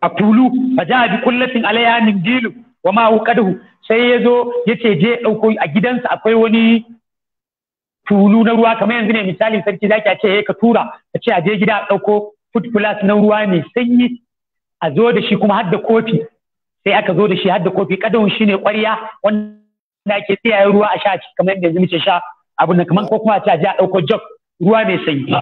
a tulu fa ja bi kullatin alayya min dilu wa ma sai ya zo ya ce je ɗauko a gidansa akwai wani tulu na ruwa kamar yanzu ne misali sarki zaki a ce ya ka tura ka ce a je gida a ɗauko food plus na ruwa mai sanyi a zo da shi kuma har da kofi sai aka zo da shi har kofi kadawun ne ƙwarya wanda da ke tsiyayen ruwa a sha kamar yadda yanzu sha abu na kamar ko kuma a ce a a ɗauko jog ruwa mai sanyi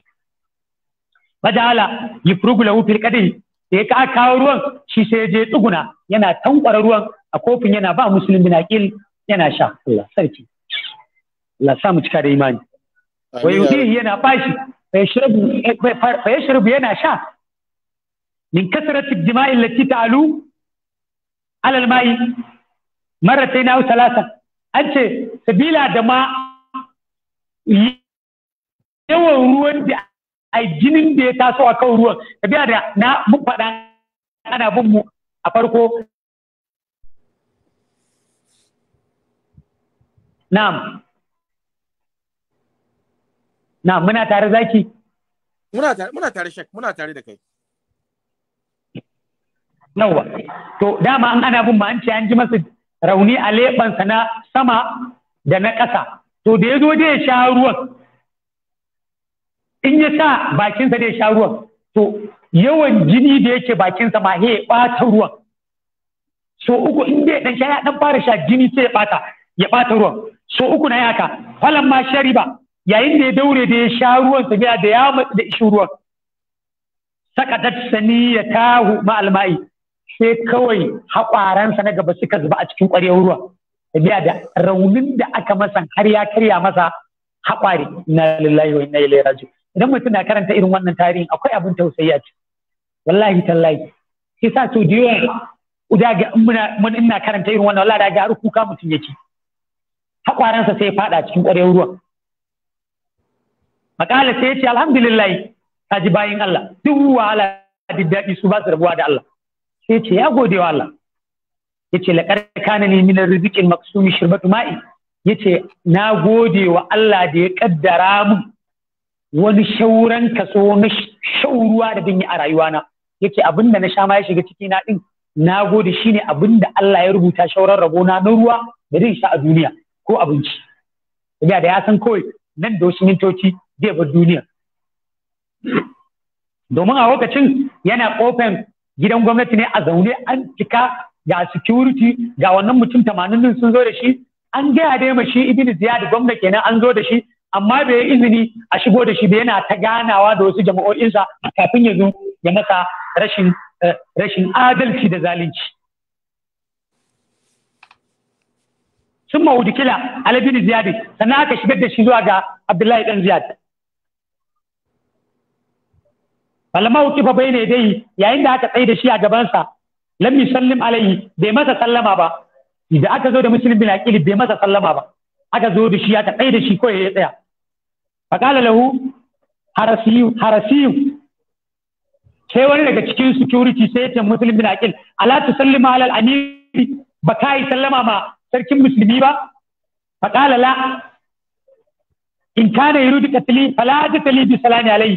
fajala yufrugu lahu fil kadin da ya ka kawo ruwan shi sai je tsuguna yana tankwara ruwan a kofin yana ba musulun bin aqil yana sha Allah sarki Allah sa mu cika da imani wa yudi yana bashi fa yashrabu yana sha min kasrati dima'i allati ta'alu ala al-ma'i marratayn aw thalathan an ce sabila da ma yawan ruwan da a jinin da ya taso a kan ruwan sabila da na mun faɗa ana bin mu a farko na'am na'am muna tare zaki muna tare muna tare shek muna tare da kai Nawa? to dama an ana bin ma an ce an ji masa rauni a leɓansa na sama da na ƙasa to da ya zo dai sha ruwan in ya sa bakinsa dai sha ruwan to yawan jini da yake bakinsa ma ya ɓata ruwan so uku in dai ɗan ya ɗan fara sha jini sai ya ɓata ya ɓata ruwan so uku na yaka falan ma shariba yayin da ya daure da ya sha ruwan sa da ya matsi da ishi ruwan Saka sakatat ya tahu ma'alma'i. sai kawai haƙwaransa na gaba suka zuba a cikin ƙwarewar ruwa tafiya da raunin da aka masa har ya karya masa haƙwari na lillahi wa inna ilaihi raji'un idan mutum na karanta irin wannan tarihin akwai abin tausayi a ciki wallahi tallahi sai sa to da uda ga mun ina karanta irin wannan wallahi ga har kuka mutum yake Haƙwaransa sai ya fada cikin ƙwarewar ruwa makala sai ya ce alhamdulillah ji bayin Allah duk wahala da daɗi su ba su rabuwa da Allah sai ce ya gode wa Allah yace laqad kana li min rizqin maksumi shirbatu ma'i yace na gode wa Allah da ya kaddara min wani shauran kaso na shauruwa da bin yi a rayuwana yace abin da na sha ma ya shiga ciki na din na gode shine abin da Allah ya rubuta shauran rabona na ruwa da zai sha a duniya ko abinci da ya san kawai nan da wasu mintoci zai bar duniya domin a lokacin yana kofan gidan gwamnati ne a zaune an cika ga security ga wannan mutum tamanin din sun zo da shi an gaya dai ma shi ibn ziyad gwamna kenan an zo da shi amma bai yi izini a shigo da shi ba yana ta ganawa da wasu jama'o'insa kafin ya zo ya masa rashin eh, rashin adalci da zalunci sun mawudu kila alibin ziyadi sannan aka shigar da shi zuwa ga abdullahi dan ziyad falamma ukifa ne dai yayin da aka tsaye da shi a gabansa lam yusallim alaihi bai masa sallama ba idan aka zo da muslim bin aqil bai masa sallama ba aka zo da shi aka tsaye da shi ko ya tsaya faqala lahu harasiyu harasiyu sai wani daga cikin security sai ya ce muslim bin aqil ala tusallima alal amiri ba sallama ma sarkin musulmi ba la in kana yuridu qatli fala bi salami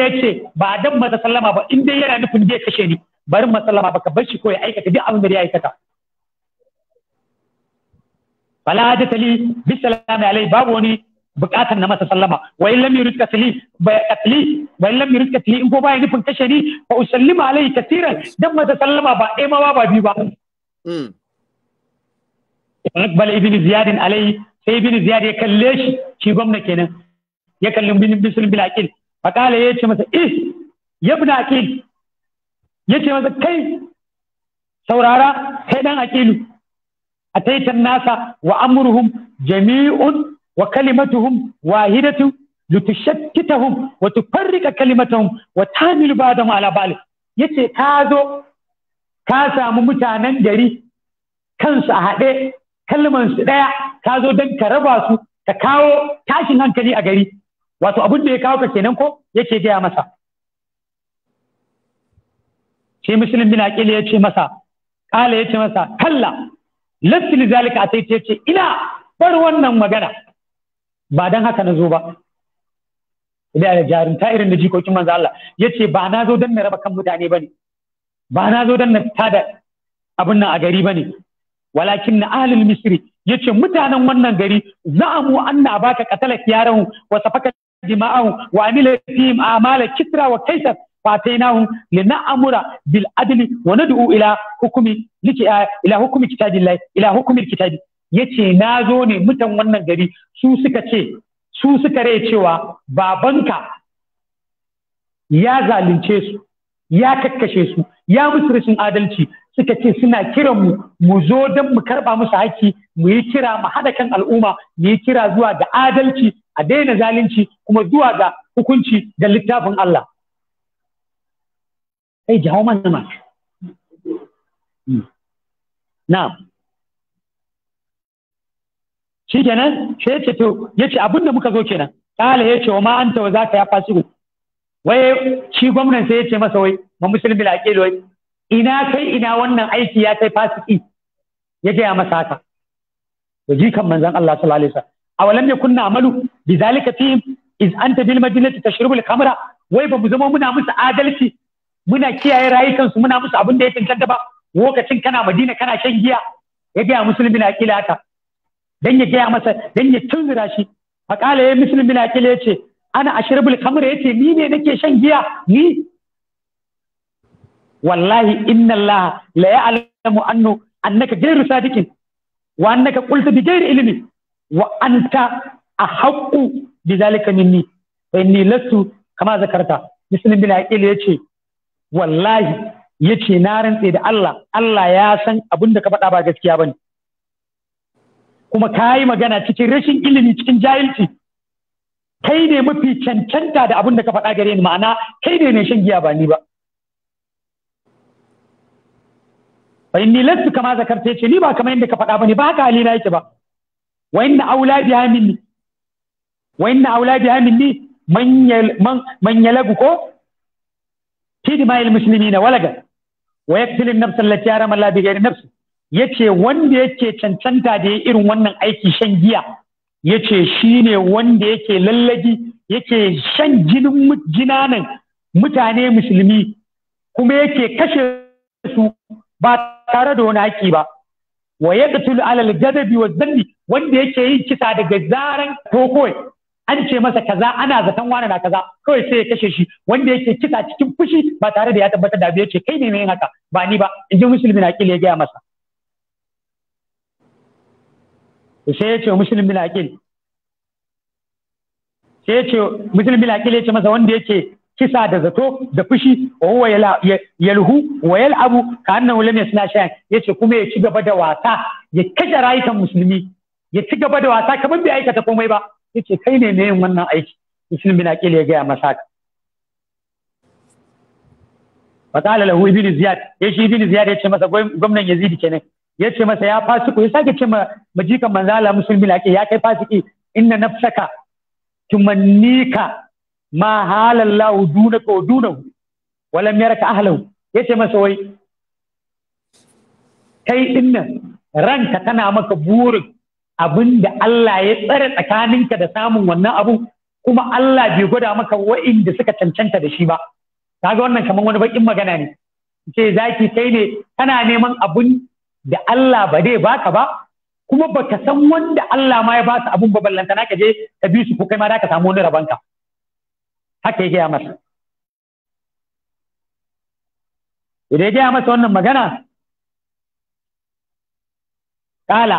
ya ce ba dan masa sallama ba in dai yana nufin zai kashe ni bari mata sallama ba ka bar shi ko ya aikata duk abin da ya aikata fala hajata li bisalami alai babu wani bukatar na masa sallama wa in lam yurid katli ba katli wa in lam yurid katli in ko ba nufin kashe ni fa usallima alai katiran dan masa sallama ba ɗaya ma ba ba biyu ba hmm. bal ibn ziyadin alai sai ibn ziyad ya kalle shi shi gwamna kenan ya kalli bin bisul bil faƙala ya ce masa is eh, ya fi aƙil ya ce masa kai saurara kai ɗan aƙilu a taitan nasa wa amurhum jami'un wa kalimatuhum wahidatu litushakkitahum wa kalimatuhum kalimatahum wa tamilu ba'dahum ala Ya yace ka zo ka samu mutanen gari kansu a haɗe kalmansu ɗaya ka zo don ka raba su ka kawo tashin hankali a gari wato abun da ya kawo ka kenan ko yake gaya masa sai muslim bin aqil ya ce masa kala ya ce masa kalla li zalika sai ta ce ina bar wannan magana ba dan haka na zo ba ya da jarumta irin da jikokin manzo Allah yace ba na zo dan na raba kan mutane bane ba na zo dan na tada abin nan a gari bane walakin na ahlul misri yace mutanen wannan gari za mu anna baka qatalak yaran wa safaka دماءهم وعمل فيهم أعمال كثرة وكيسر فأتيناهم لنأمر wa وندعو إلى حكم إلى حكم كتاب الله إلى حكم الكتاب yace na zo ne mutan wannan gari su suka ce su suka rai cewa babanka ya zalunce su ya kakkashe su ya musu rashin adalci suka ce suna kiran mu mu zo don mu karba musu haƙƙi mu yi kira mu haɗa kan al'umma mu yi kira zuwa ga adalci a daina zalunci kuma zuwa ga hukunci da littafin Allah kai jawo man ma hmm. na shi kenan shi yace to yace abin da muka zo kenan kala ce, wa ma ta wa zaka ya ku. Wai, shi gwamnan sai ya ce masa wai ma musulmi la ke wai ina kai ina wannan aiki ya kai fasiki ya gaya masa haka Wajikan manzan Allah sallallahu alaihi wasallam awalam yakun na'malu bizalika fihim iz anta bil madinati tashrubu al khamra wai ba mu zama muna musu adalci muna kiyaye rayukansu muna musu abin da ya cancanta ba lokacin kana madina kana shan giya ya gaya musulmi na kila dan ya gaya masa dan ya tunzura shi faqala ya musulmi na kila yace ana ashrabul khamra yace ni ne nake shan giya ni wallahi inna allaha la ya'lamu annu annaka ghayru sadiqin wa annaka qulta bi ghayri ilmin wa anta ahaqqu bizalika minni fa inni lastu kama zakarta muslim bin aqil yace wallahi yace na rantse da Allah Allah ya san abin da ka faɗa ba gaskiya bane kuma kayi magana cikin rashin ilimi cikin jahilci kai ne mafi cancanta da abin da ka faɗa gare ni ma'ana kai ne mai shan giya ba ni ba fa inni lastu kama zakarta yace ni ba kamar yadda ka faɗa bane ba haka halina yake ba wa inna aula minni wa inna aula minni man yalagu ko tidma al muslimina walaga wa yaqtil an nafs allati harama Allah yace wanda yake cancanta da irin wannan aiki shan giya yace ne wanda yake lallaji yake shan jinin jinanan mutane musulmi kuma yake kashe su ba tare da wani haƙi ba wa yaqtul alal gadabi wa zanni wanda yake yin kisa daga zaran ko kawai an ce masa kaza ana zaton wani na kaza kawai sai ya kashe shi wanda yake kisa cikin fushi ba tare da ya tabbatar da abin yace kai ne mai haka ba ni ba in ji musulmi na ya gaya masa sai ya ce musulmi na sai ya ce musulmi na ya ce masa wanda yake kisa da zato da fushi wa huwa yalhu wa yal'abu ka annahu lam yasna shay'an yace kuma ya ci gaba da wasa ya kashe rayukan musulmi ya ci gaba da wasa kamar bai aikata komai ba Ya ce kai ne ne yin wannan aiki Yusuf bin Aqil ya gaya masa haka faqala lahu ibn Ziyad ya shi ibn Ziyad ya ce masa gwamnan yazidi kenan ya ce masa ya fasiku ya sake ce ma majikan manzo Allah Muslim bin ya kai fasiki inna nafsaka tumannika ma halallahu dunaka wa dunahu walam yaraka ahlahu ce masa wai kai dinnan ranka tana maka burin abin da Allah ya tsare tsakaninka da samun wannan abu kuma Allah bai gwada maka wa'inda suka cancanta da shi ba kaga wannan kamar wani bakin magana ne ce zaki kai ne kana neman abun da Allah ba zai baka ba kuma baka san wanda Allah ma ya ba su abun ba ballanta naka je ka bi su ko kai ma za ka samu wani rabanka haka ya gaya masa idan ya gaya masa wannan magana kala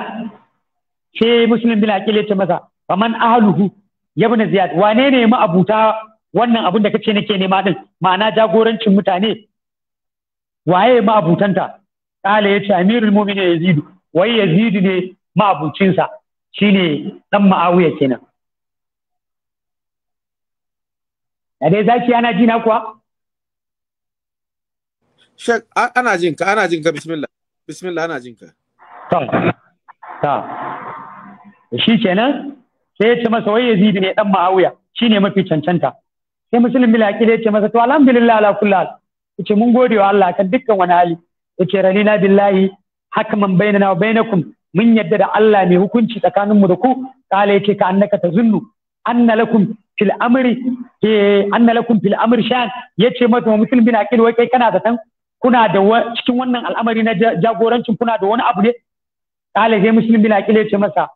sai muslim bin aqil ta ce masa faman ahluhu yabna ziyad wane ne mu abuta wannan abin da kace nake nema din ma'ana jagorancin mutane waye ma abutanta kala yace amirul mu'minin yazid wai yazid ne ma abucinsa shine dan ma'awiya kenan A dai zaki ana jina kuwa shek ana jinka ana jinka bismillah bismillah ana jinka ta ta shi kenan sai ya ce masa wai yazidi ne dan ma'awiya shine mafi cancanta sai musulun bin aqil ya ce masa to alhamdulillah ala kulli hal yace mun gode wa Allah kan dukkan wani hali yace ranina billahi man bainana wa bainakum mun yadda da Allah mai hukunci tsakanin mu da ku kala yace ka annaka tazunnu anna lakum fil amri ke anna lakum fil amri shan yace mata wa musulun bin aqil wai kai kana da tan kuna da cikin wannan al'amari na jagorancin kuna da wani abu ne kala sai musulun bin ya ce masa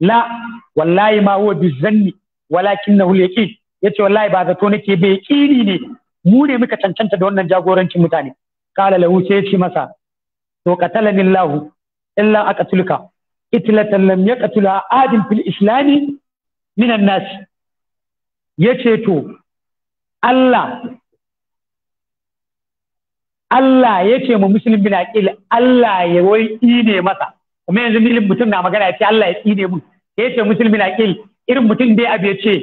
la wallahi ma huwa bizanni walakinahu al-yaqin yace wallahi ba zato nake bai yaqini ne mu ne muka cancanta da wannan jagorancin mutane qala lahu sai yace masa to qatalani Allah illa aqtuluka itlatan lam yaqtula adin fil islami min an-nas yace to Allah Allah ya ce mu musulmi bin aqil Allah ya wai ne masa kuma yanzu milin mutum na magana ya ce Allah ya tsine mun ya ce musulmi na ƙil irin mutum dai abu ya ce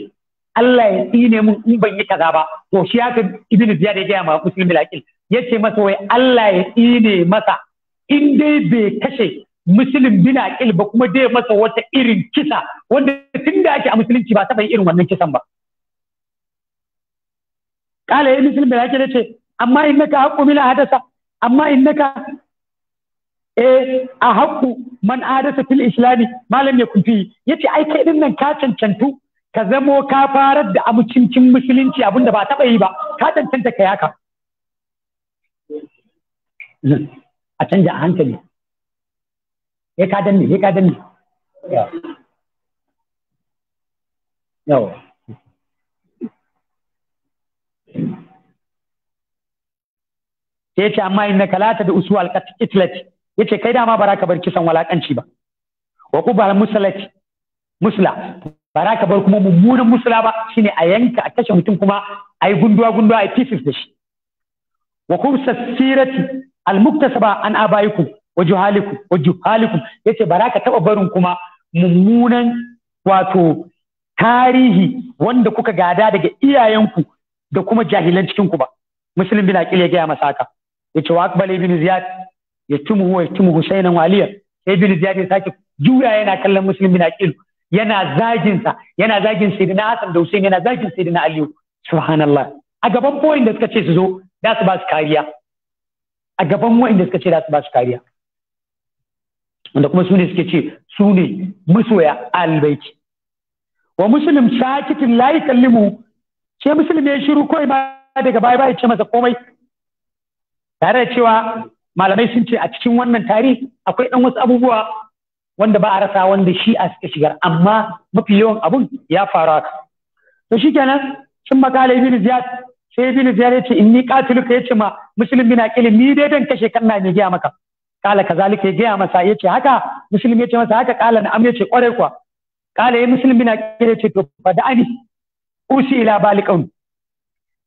Allah ya tsine mun in ban yi kaza ba to shi haka ibn ziyad ya gaya ma musulmi na ƙil ya ce masa wai Allah ya tsine masa in dai bai kashe musulun bina ƙil ba kuma dai masa wata irin kisa wanda tun da ake a musulunci ba taɓa irin wannan kisan ba. kala ya musulun na ƙil ya ce amma in naka haƙƙo mina hadasa amma in naka Eh, a haƙu man adasa fil islami malam ya kunfi yace ai kai din nan ka cancantu ka zamo ka farar da amucincin musulunci abinda ba taba yi ba ka cancanta ka yaka a canja a hankali ya ka danne ya ka danne yawa sai ce amma inna kalata da usul al-qatlat yace kai dama ba ka bar kisan walakanci ba wa qubal musalati musla ba ka bar kuma mummunan Musla ba shine a yanka a kashe mutum kuma a yi gunduwa gunduwa a tisis da shi wa kursa sirati al muktasaba an abayku wa juhaliku wa juhaliku yace bara ka taba barin kuma mummunan wato tarihi wanda kuka gada daga iyayenku da kuma jahilan cikin ku ba muslim bin aqil ya gaya masa haka yace wa akbal ibn ziyad ya ci muhu ya ci muhu sai nan waliya sai bin ziyad ya sake juya yana kallon muslim bin aqil yana zagin sa yana zagin sayyidina hasan da husain yana zagin sayyidina ali subhanallah a gaban boyin da suka ce su zo da su ba su kariya a gaban da suka ce da su ba su kariya wanda kuma su ne suke ce su ne masoya albaiki wa musulun shakitin layi kallimu sai musulun ya shiru kawai ma daga baya baya ce masa komai tare da cewa malamai sun ce a cikin wannan tarihi akwai ɗan wasu abubuwa wanda ba a rasa wanda shi a suka shigar amma mafi yawan abun ya faru haka to shikenan sun makala ibn ziyad sai ibn ziyad ya ce inni ya yace ma muslim bin aqil ni dai dan kashe kan na ne gaya maka kala kazalika ya gaya masa yace haka muslim yace masa haka kala na am yace kwarai kuwa kala ya eh, muslim bin aqil yace to fa da ani usi ila baliqun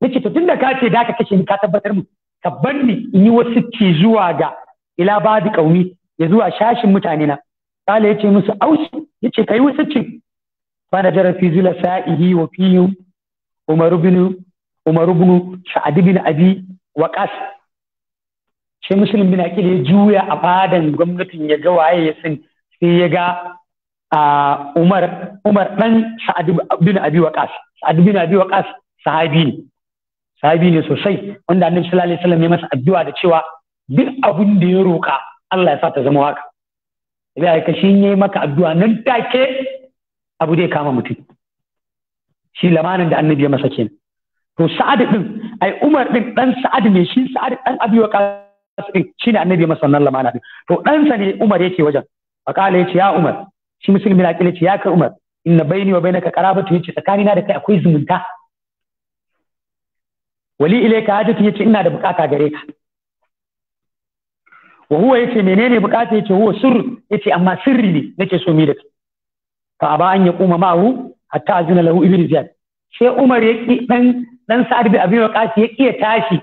yace to tunda ka ce da ka kashe ni ka tabbatar mu ka ni in yi wasu ci zuwa ga ila ba da ƙauni. ya zuwa shashin mutane na kala yace musu ausu yace kai wasu ci ba na jarafi zula sa'ihi wa fi umaru binu umar bin sa'ad bin abi waqas shi musulun bin aqil ya juya a fadan gwamnatin ya ga waye ya san sai ya ga umar umar dan sa'ad bin abi ƙas sa'ad bin abi ƙas sahabi ne sahabi ne sosai wanda annabi sallallahu alaihi wasallam ya masa addu'a da cewa duk abin da ya roka, Allah ya sa ta zama haka idan ka shi yayi maka addu'a nan take abu dai kama mutum shi lamanin da annabi ya masa kenan to sa'ad din ai Umar din dan sa'ad ne shi sa'ad dan Abi Waqas din shine annabi ya masa wannan lamana din to dan sa ne Umar yake wajen faqala yace ya Umar shi musulmi na kile ya ka Umar inna baini wa bainaka qarabatu yace tsakani na da kai akwai zumunta wali ilaika hajati yace ina da bukata gare ka wa huwa yace menene bukata yace huwa sir yace amma sirri ne nake so mi da kai fa aba an ya kuma ma'ahu hatta azina lahu ibn ziyad sai umar ya ki dan dan sa'ad bin abi waqas ya ki ya tashi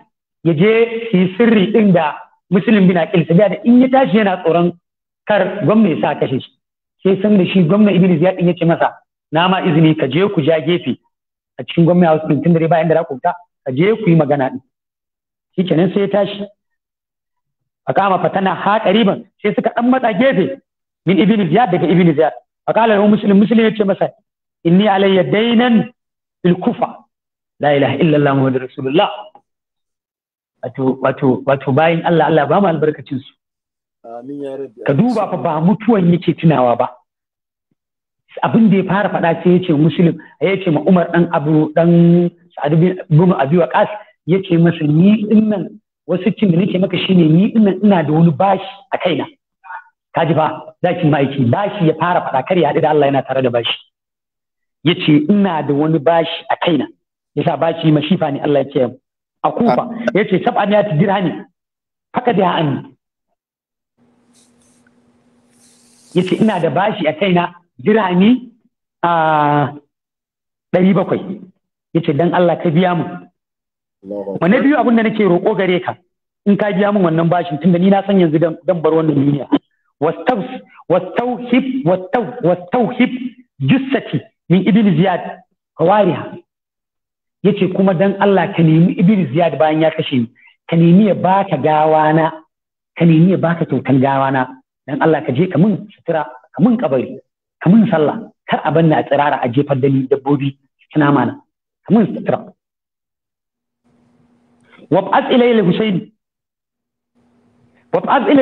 ya je shi sirri din da muslim bin aqil da in ya tashi yana tsoron kar gwamna ya sa kashe shi sai san da shi gwamna ibn ziyad din yace masa na ma izini ka je ku ja gefe a cikin gwamna a din tun dare bayan da za ku ta a je ku yi magana din kenan sai ya tashi A فقام haƙa riban sai suka dan matsa gefe min ibn ziyad daga ibn ziyad faqala lahu muslim muslim ce masa inni alayya dainan bil kufa la ilaha illa allah muhammadur rasulullah wato wato wato bayin Allah Allah ba mu albarkacin su amin ya rabbi ka duba fa ba mutuwan yake tunawa ba abin da ya fara faɗa sai ce muslim ce ma Umar dan Abu dan sa'adu bin abi waqas ya ce masa ni dinnan wasu cin da nake maka shine ni dinnan ina da wani bashi a kaina Ka kaji fa zakin ma'aiki bashi ya fara faɗa kar ya haɗu da Allah yana tare da bashi ya ce ina da wani bashi a kaina Ya sa bashi mashifa ne Allah ya ce a kufa ya ce sab an ya ta dirhami haka da an ya ce ina da bashi a kaina dirhami a ah, ɗari bakwai yace dan Allah ka biya wani biyu abin da nake roƙo gare ka in ka biya min wannan bashin tunda ni na san yanzu dan bar wannan duniya wastawf wastawhib wastaw wastawhib jussati min ibn ziyad kawariha yace kuma dan Allah ka nemi ibn ziyad bayan ya kashe ni ka nemi ya baka gawana ka nemi ya baka kyautan gawana dan Allah ka je ka mun sutura ka mun kabari ka mun sallah kar a banna a tsirara a jefar da ni dabbobi suna mana من الاستطراد وابعث الي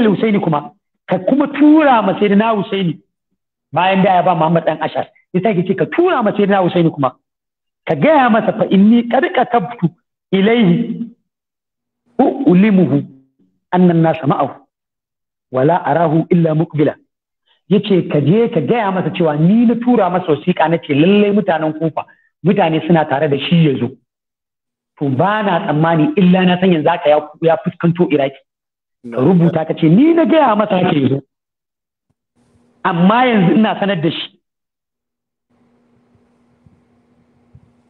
الحسين ka kuma tura ma sayyidina bayan da ya ba Muhammad dan Ashar ya ce ka tura ma sayyidina kuma ka gaya masa fa inni qad katabtu ilayhi ulimuhu annan nasa ma'ahu wala arahu illa muqbila yace ka je ka gaya masa cewa ni na tura masa wasiƙa nace lallai mutanen kufa mutane suna tare da shi ya zo to ba na tsammani illa na san za ka ya fuskanto iraki ka rubuta ka ce ni na gaya masa haka ya zo amma yanzu ina sanar da shi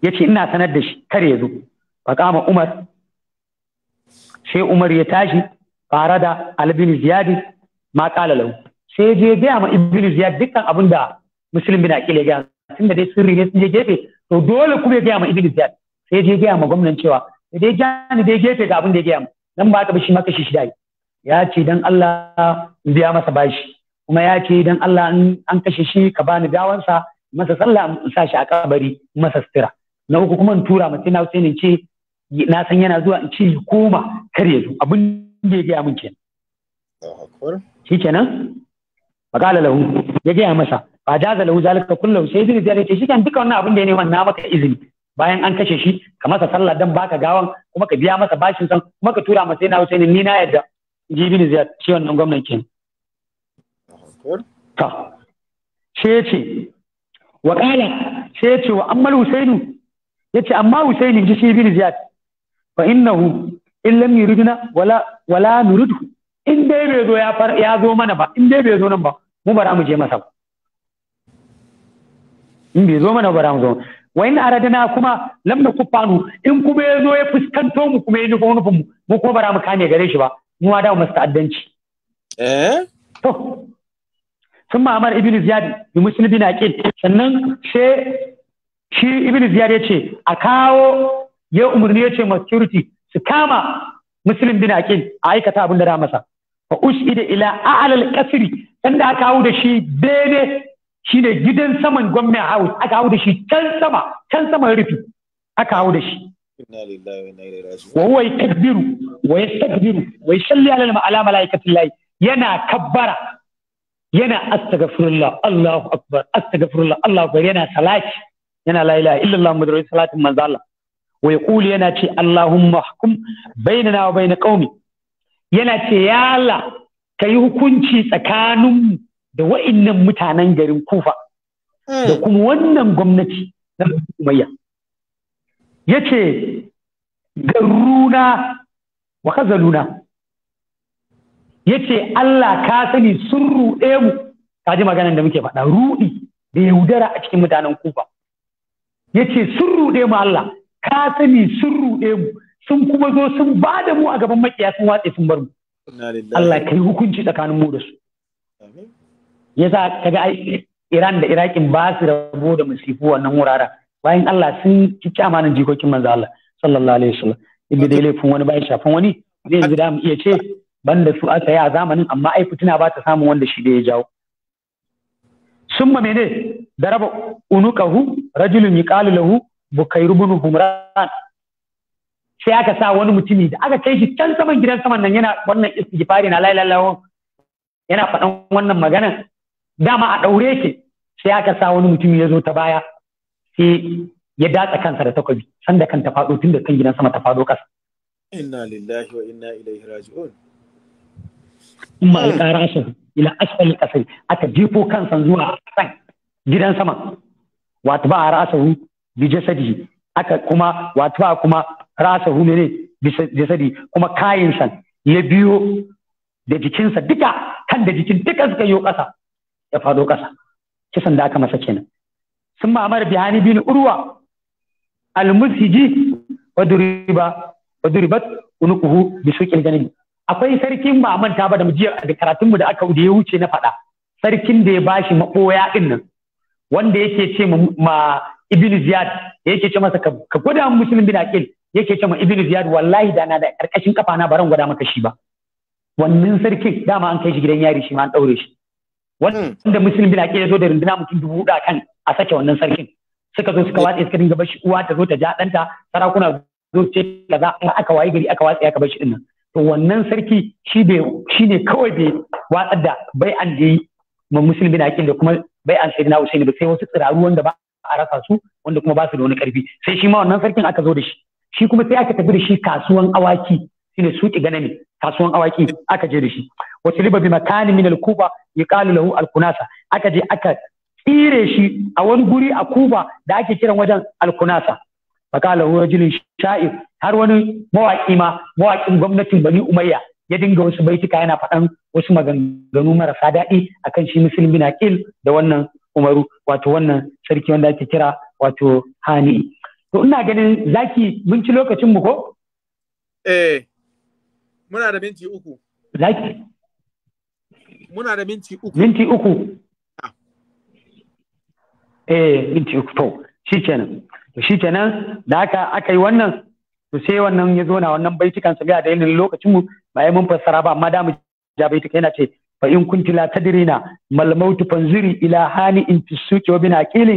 ya ce ina sanar da shi kar ya zo faƙama umar sai umar ya tashi fara da albini ziyadi ma kala lau sai je gaya ma ibn ziyadi dukkan abin da musulun na gaya tun da dai sirri ne sun je gefe to dole kuma ya gaya ma Idris Ziyad sai je gaya ma gwamnan cewa da dai jani dai gefe ga abin da ya gaya ma dan ba ka bi shi ma kashi shida ya ce dan Allah biya masa bashi kuma ya ce dan Allah an kashe shi ka bani gawansa masa sallah in sa shi a kabari masa sutura na uku kuma in tura mace na sai ce na san yana zuwa in ce koma kar ya zo abin da ya gaya min kenan shi kenan lahu ya gaya masa ba jaza lahu zalika kullahu sai zai zai ce kan duka wannan abin da ya neman na maka izini bayan an kashe shi ka masa sallah dan baka gawan kuma ka biya masa bashin san kuma ka tura masa yana wuce ni na yadda ji bin ziyar shi wannan gwamnan kenan ta sai ce wa qala sai ce wa ammal Husainu yace amma Husaini ji shi bin ziyar fa innahu in lam yuridna wala wala nuridu in dai bai zo ya zo mana ba in dai bai zo nan ba mu bara mu je masa ba in bai zo mana ba mu zo aradana kuma lam nakufanu in kuma ya zo ya fuskanto mu kuma ya nufo nufin mu mu ko bara mu kame gare shi ba mu ma da mu ta'addanci eh to ثم ibnu ziyad bi muslim bin aqil sannan sai shi ibn ziyad ya ce a kawo ya umarni ya ce maturity su kama muslim bin aqil a aikata abin da masa fa ushida ila a'lal qasri sanda aka kawo da shi bene shine gidan saman gwamnan house aka hau da shi can sama can sama rufi aka hau da shi wa huwa yakbiru wa yastakbiru wa yusalli ala ala malaikatillahi yana kabbara yana astaghfirullah Allahu akbar astaghfirullah Allahu akbar yana salati yana la ilaha illallah muhammadu salatin manzo Allah wa yaqulu yana ce Allahumma hukum bainana wa bain qaumi yana ce ya Allah kai hukunci tsakaninmu da wa'innan mutanen garin kufa hmm. da kuma wannan gwamnati na umayya ya ce garuna wa kazaluna ya ce Allah ka sani sun ruɗe mu ka ji maganan da muke faɗa ruɗi da yaudara a cikin mutanen kufa ya ce sun ruɗe mu Allah ka sani sun ruɗe mu sun kuma zo sun ba da mu a gaban maƙiya sun watse sun bar mu Allah ka yi hukunci tsakanin mu da su yasa kaga ai Iran da Irakin ba su rabo da musifu wannan wuraren bayan Allah sun ci kyamanin jikokin manzo Allah sallallahu alaihi wasallam inda dai laifin wani bai shafan wani zai yanzu da mu iya ce banda su aka yi a zamanin amma ai fitina ba ta samun wanda shi da ya jawo summa mene daraba Unukahu rajulun yuqalu lahu bukayr ibn humran sai aka sa wani mutumi da aka kai shi can saman gidan saman nan yana wannan istighfari na la yana faɗan wannan magana dama a ɗaure ke sai aka sa wani mutum ya zo ta baya sai ya datsa kansa da takobi sanda kan ta faɗo tun da kan gidan sama ta faɗo ƙasa. Inna lillahi wa inna ilaihi raji'un. Umma shi ila asfal ƙasai aka jefo kansa zuwa san gidan sama. Wato ba a hu bi jasadi aka kuma wato ba kuma rasa hu ne bi jasadi kuma san ya biyo da jikinsa duka kan da jikin duka suka yi ƙasa. ya faɗo ƙasa kisan da aka masa kenan sun ma'amar bihani bin urwa almusiji wa duriba wa duribat unuquhu bi suqil ganin akwai sarkin ba manta ba da mujiyar da karatun mu da aka da ya wuce na faɗa sarkin da ya bashi maɓoya din nan wanda yake ce ma ibnu ziyad yake ce masa ka gwada musulmin bin aqil yake ce ma ibnu ziyad wallahi da na da karkashin kafa na baran gwada maka shi ba wannan sarkin dama an kai shi gidan yari shi ma an daure shi wanda hmm. muslim na aqil ya zo da runduna mutum dubu huɗu kan a sake wannan sarkin suka zo suka hmm. watsa suka dinga bashi uwa ta zo ta ja danta sarakuna zo ce za a aka wayi gari aka watsa aka bashi dinnan to wannan sarki shi bai shi ne kawai bai watsar da bai an da yi ma muslim da kuma bai an na husaini ba sai wasu tsiraru wanda ba a rasa su wanda kuma ba su da wani karfi sai shi ma wannan sarkin aka zo da shi shi kuma sai aka tafi da shi kasuwan awaki shine suki ganami kasuwan awaki aka je da shi Wasu siliba bi makani min al-kuba yuqalu lahu al-kunasa aka je aka tsire shi a wani guri a kuba da ake kiran wajen al-kunasa fakala hu rajulin sha'ir har wani mawaki ma mawakin gwamnatin bani umayya ya dinga wasu baituka yana faɗan wasu maganganu marasa daɗi akan shi muslim bin aqil da wannan umaru wato wannan sarki wanda ake kira wato hani to ina ganin zaki mun ci lokacin mu ko eh Muna da minti uku. Zaki. Muna da minti uku. Minti uku. Ah. Eh, minti uku to, shi kenan. To shi kenan da aka aka yi wannan to sai wannan ya zo na wannan baitukan su ga da yanayin lokacin mu ba mun fassara ba amma da mu ja baituka yana ce fa in kunti la tadrina mal mautu fanzuri ila hani in tisuki wa bin aqili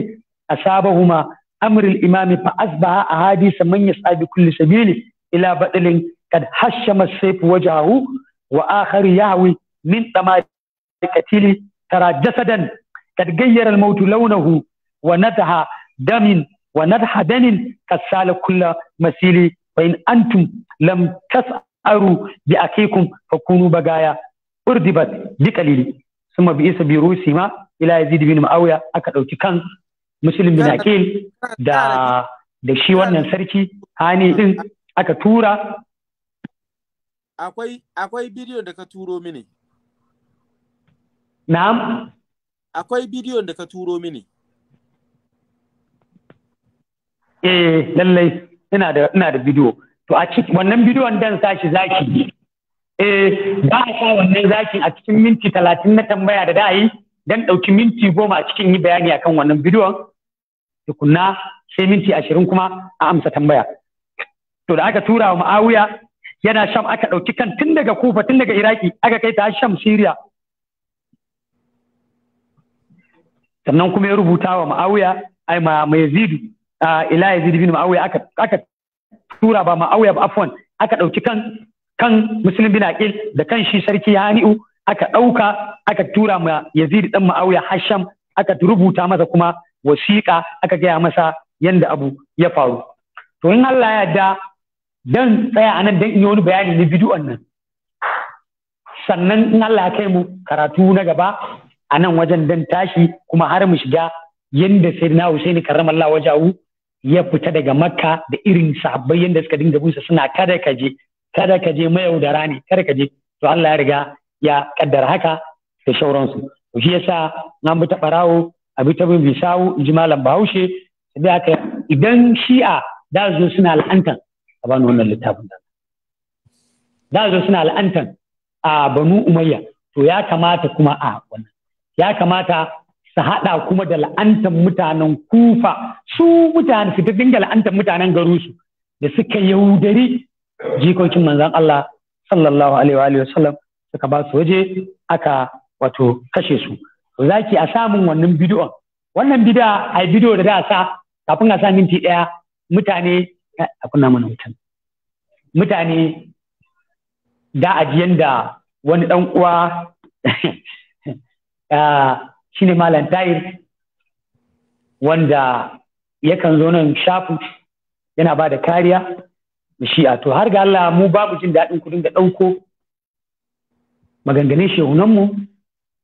asabahuma amr al imam fa asbaha a man manya kulli sabili ila badalin kad hashama sayf wajahu wa akhar yahwi min damari katili tara jasadan kad gayyara al-maut launahu wa nadaha damin danin kasala kulla masili wa in antum lam tas'aru bi akikum fakunu bagaya urdibat bi qalili summa bi isa bi rusima ila yazid bin ma'awiya aka ɗauki kan muslim bin da da shi wannan sarki hani din aka tura akwai akwai bidiyon da ka turo mini na'am akwai bidiyon da ka turo mini eh lallai ina da ina da bidiyo to a cikin wannan bidiyon dan sashi zaki eh ba a sa wannan zakin a cikin minti talatin na tambaya da dai dan ɗauki minti goma a cikin yi bayani akan wannan bidiyon tukunna sai minti ashirin kuma a amsa tambaya to da aka tura wa ma'awiya yana sham aka ɗauki kan tun daga kufa tun daga iraki aka kai ta sham Siriya. sannan kuma ya rubuta wa ma'awiya ai ma yazidu ila yazidu bin ma'awiya aka tura ba ma'awiya ba afwan aka ɗauki kan kan musulun bin aqil da kan shi sarki hani'u aka ɗauka aka tura ma yazid dan ma'awiya hasham aka rubuta masa kuma wasiƙa aka gaya masa yanda abu ya faru to in Allah ya yarda dan tsaya a nan dan in yi wani bayani na bidiyon nan sannan in Allah ya kai mu karatu na gaba a nan wajen dan tashi kuma har mu shiga yadda sayyidina Husaini karramallahu wajahu ya fita daga Makka da irin sahabbai yadda suka dinga busa suna kada ka je kada ka je mayaudara ne kada ka je to Allah ya riga ya kaddara haka da shauransu to shi yasa an bi ta barawo a bi ta bin bisawu ji malam Bahaushe sai aka idan shi'a da zo suna la'antan a bani wannan littafin da da zo suna la'antan a banu umayya to ya kamata kuma a wannan ya kamata su haɗa kuma da la'antan mutanen kufa su mutane su dinga la'antan mutanen garinsu da suka yaudari jikokin manzan Allah sallallahu alaihi wa sallam suka ba su waje aka wato kashe su zaki a samun wannan bidiyon wannan bid'a a bidiyo da za a sa kafin a sa minti ɗaya mutane mutane da ajiyan da wani dan uwa (laughs) shine malam tahir wanda yakan zo nan shafin yana ba da kariya da a to har ga Allah mu babu jin daɗin kudin da ɗauko maganganun mu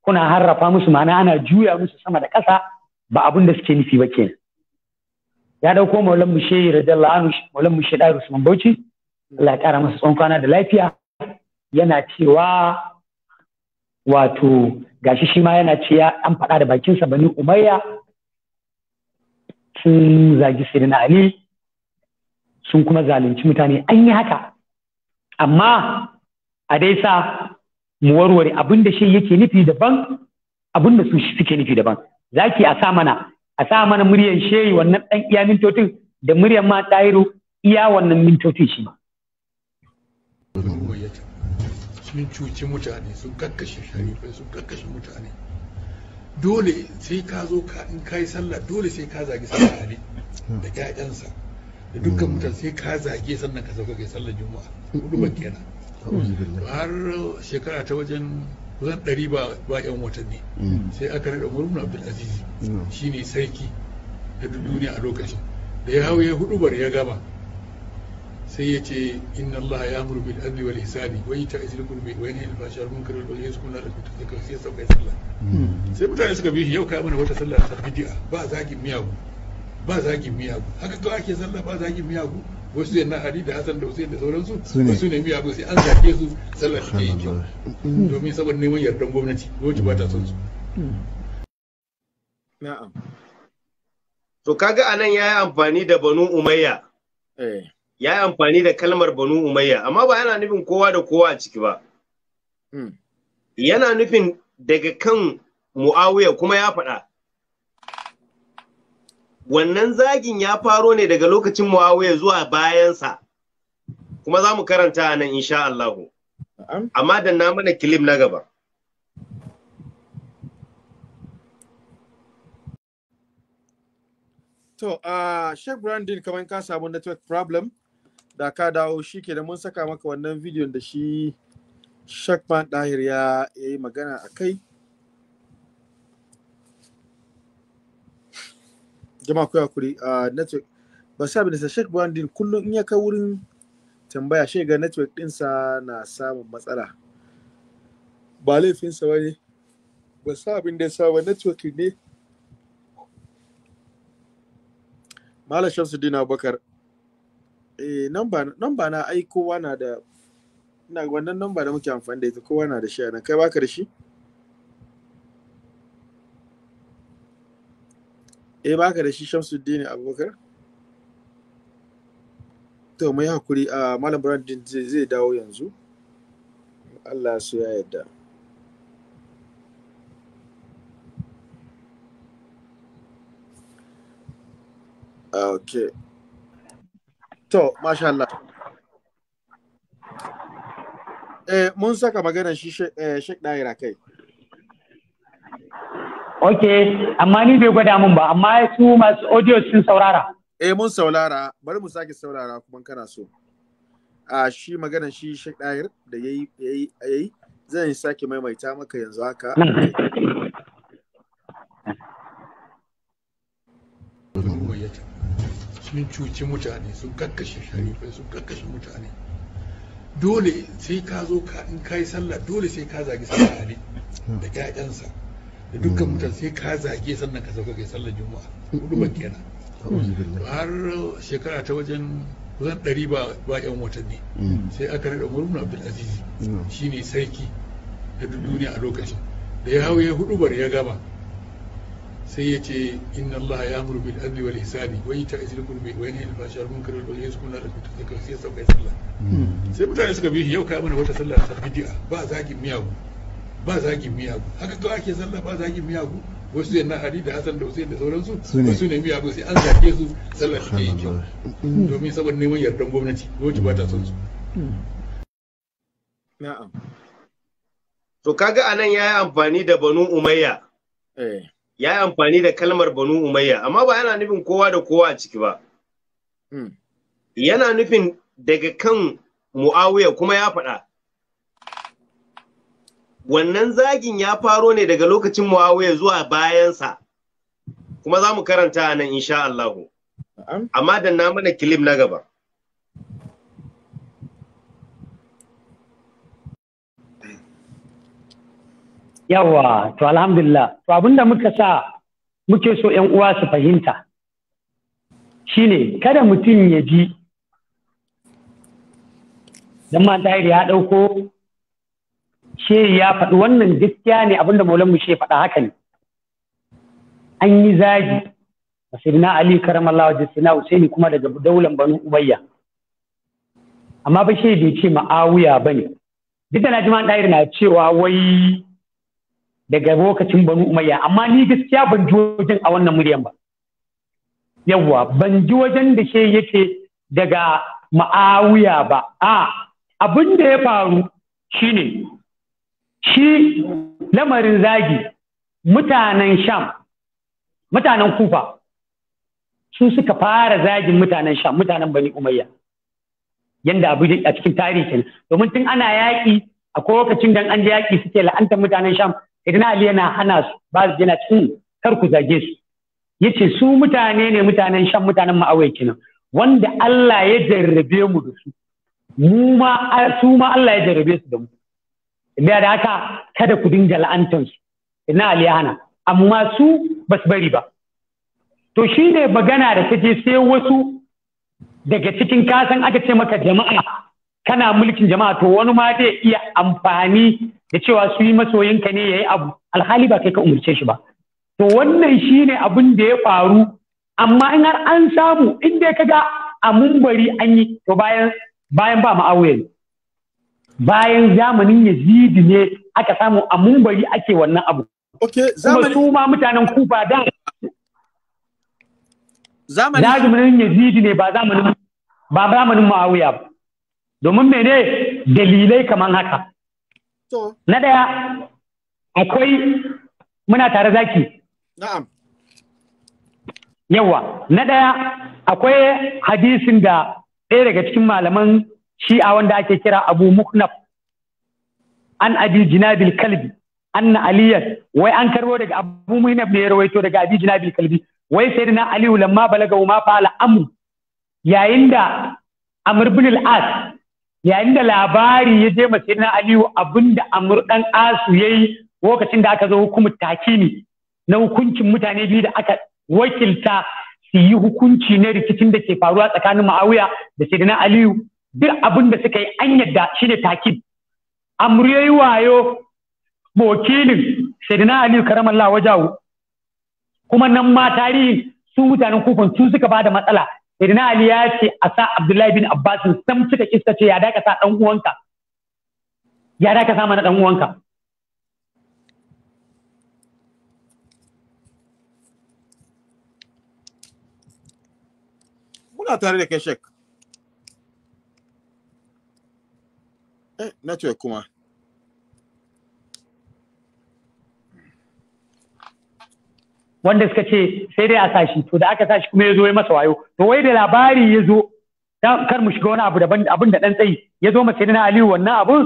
kuna harrafa musu ma'ana ana juya musu sama da ƙasa ba abin da suke nufi ba kenan ya dauko maulan mu shehi radiyallahu anhu maulan mu shehi da Usman Bauchi Allah ya kara masa tsawon kwana da lafiya yana cewa wato gashi shi ma yana cewa an faɗa da bakin sa bani umayya sun zagi sirina ali sun kuma zalunci mutane an yi haka amma a dai sa mu warware abin da shi yake nufi daban abin da su suke nufi daban zaki a sa mana a sa mana muryan shehi wannan ɗan iya mintotin da muryan ma ɗairo iya wannan mintotin shi ma. sun cuci mutane sun kakkashe sharifai sun kakkashe mutane dole sai ka zo ka in ka yi sallah dole sai ka zagi sallah ne da ƴaƴansa da dukkan mutane sai ka zage sannan ka sauka kai sallah juma'a hudu kenan har shekara ta wajen kusan ɗari ba yan watanni mm. sai aka naɗa murmun abdulaziz mm. shi ne sarki na duniya a lokacin da ya hau ya hudu bar ya gama sai ya ce inna allaha ya amuru bil adli wal ihsani wa yata ajrul qurbi wa yanha al fahsha wal munkar wal baghi yaskunna al fitna zakka sai sauka sallah mm. sai mutane suka bi shi yau kai mana wata sallah ta bid'a ba zagin miyagu ba zagin miyagu haka kawai ake sallah ba zagin miyagu wasu yana ali da hasan da hussein da sauransu wasu ne miya abin sai an zaɓe su sallar da yi kyau domin saboda neman yardan gwamnati gwamnati ba ta son su mm. na'am to kaga anan ya yi amfani da banu umayya eh. ya yi amfani da kalmar banu umayya amma ba yana nufin kowa da kowa a ciki ba mm. yana nufin daga kan mu'awiya kuma ya faɗa wannan zagin ya faro ne daga lokacin Muawiya zuwa bayansa kuma za mu karanta nan insha Allah amma da na mana kilim na gaba to a Sheikh Brandon kamar ka samu network problem da ka dawo shi ke da mun saka maka wannan bidiyon da shi Shakman Dahir ya yi magana a kai. jama'a ku hakuri a network ba sa bin sa bandin kullum in ya kai wurin tambaya shi ga network dinsa na samun matsala ba laifinsa sa ne ba sa abin da ya sa ba network ne Malam dina bakar. eh namba na ai kowa na da ina wannan namba da muke amfani da ita kowa na da shi kai baka da shi eh baka da shi Shamsuddin Abubakar to mai hakuri a ah, Malam Brandon zai dawo yanzu Allah su ya yarda ah, Okay. To, masha Allah. Eh, mun saka maganar shi Sheikh eh, Daira kai. ok amma ni bai gwada mun ba amma su masu audio sun saurara eh mun saurara bari mu sake saurara kuma kana so a shi magana shi shi ɗayar da ya yi ya yayi zan sake maimaita maka yanzu haka sun cuci mutane sun kakkashe sharifai sun kakkashe mutane dole sai ka zo ka in kai sallah dole sai ka zagi sallah ali da ƴaƴansa da dukkan mutane sai ka zage sannan ka sauka kai sallar juma'a hudu ba kenan har shekara ta wajen kusan ɗari ba yan watanni sai aka naɗa murmun abdulaziz shi ne sarki da duniya a lokacin da ya hau ya hudu ya gama sai ya ce inna allah ya amuru bil adli wal ihsani wa yata ajrul qurbi wa yanhi al fahsha munkar wal baghi yaskunna da fitna sai sai sauka sallah sai mutane suka bi yau kai mana wata sallah ta bid'a ba zagin miyagu ba zagin miyagu haka kawai ake sallah ba zagin miyagu wasu yana hari da hasan da hussein da sauransu wasu ne miyagu sai an zage su sallah take yi kyau hmm. domin saboda neman yardan gwamnati gwamnati ba ta son su hmm. na'am to kaga anan ya yi amfani da banu umayya eh. ya yi amfani da kalmar banu umayya amma ba yana nufin kowa da kowa a ciki ba hmm. yana nufin daga kan mu'awiya kuma ya faɗa wannan zagin ya faro ne daga lokacin Muawiya zuwa bayansa kuma za mu karanta nan insha Allah amma da na mana kilim na gaba yawa to alhamdulillah to abinda muka sa muke so yan uwa su fahimta shine kada mutum ya ji dan ma ya ɗauko shehi ya faɗi wannan gaskiya ne abinda maulanmu shehi faɗa haka ne an yi zagi na ali karamallahu wajen sina husaini kuma daga daular banu ubayya amma ba shehi bai ce ma'awuya ba ne duk da na jima ɗayar na cewa wai daga lokacin banu umayya amma ni gaskiya ban ji wajen a wannan muryan ba yawwa ban ji wajen da she yake daga ma'awuya ba a abin da ya faru shine shi lamarin zagi mutanen sham mutanen kufa su suka fara zagin mutanen sham mutanen bani umayya yanda abu a cikin tarihi domin tun ana yaƙi a lokacin dan an ji yaƙi suke la'antar mutanen sham idan ali yana hana su ba su yana cikin kar ku zage su yace su mutane ne mutanen sham mutanen ma'awai wanda Allah ya jarrabe mu da su mu ma su ma Allah ya jarrabe su da mu da da haka kada ku dinga la'antar su ina aliyana amma su ba su bari ba to shi ne magana da ta sai wasu daga cikin kasan aka ce maka jama'a kana mulkin jama'a to wani ma zai iya amfani da cewa su yi masoyinka ne ya yi abu alhali ba kai ka umarce shi ba to wannan shi ne abin da ya faru amma in har an samu in inda ka ga a mumbari an yi to bayan bayan ba ne. bayan zamanin yazidi ne aka samu a mumbari ake wannan abu kuma su ma mutanen kufa da zamanin zamanin yazidi ne ba zamanin ba zamanin ba domin mene dalilai kamar haka na daya akwai muna tare zaki na'am yawa na ɗaya akwai hadisin da ɗaya daga cikin malaman shi'a wanda ake kira abu muknaf an abi jinabil kalbi anna aliyan wai an karbo daga abu muhnaf ne ya rawaito daga abi jinabil kalbi wai sayyidina aliyu lamma balaga ma fa'ala amr yayin da amr al-as yayin da labari ya je ma sayyidina aliyu abinda amr dan asu yayi lokacin da aka zo hukumar takimi na hukuncin mutane biyu da aka wakilta su yi hukunci na rikicin da ke faruwa tsakanin ma'awiya da sayyidina aliyu duk abin da suka yi an yadda shi ne takib amuriyoyi wayo wakilin sadina aliyu karamallah wajawu kuma nan ma tarihin su mutanen kufan su suka ba da matsala sadina ali ya ce a sa abdullahi bin abbas sam suka kista ce ya daka sa dan uwanka mana dan muna tare da kai shek Eh, network kuma wanda suka ce sai dai a sashi to da aka sashi kuma ya zo ya masa wayo to wai da labari ya zo kar mu shiga wani abu daban abin da dan tsayi ya zo mace na Aliyu wannan abu?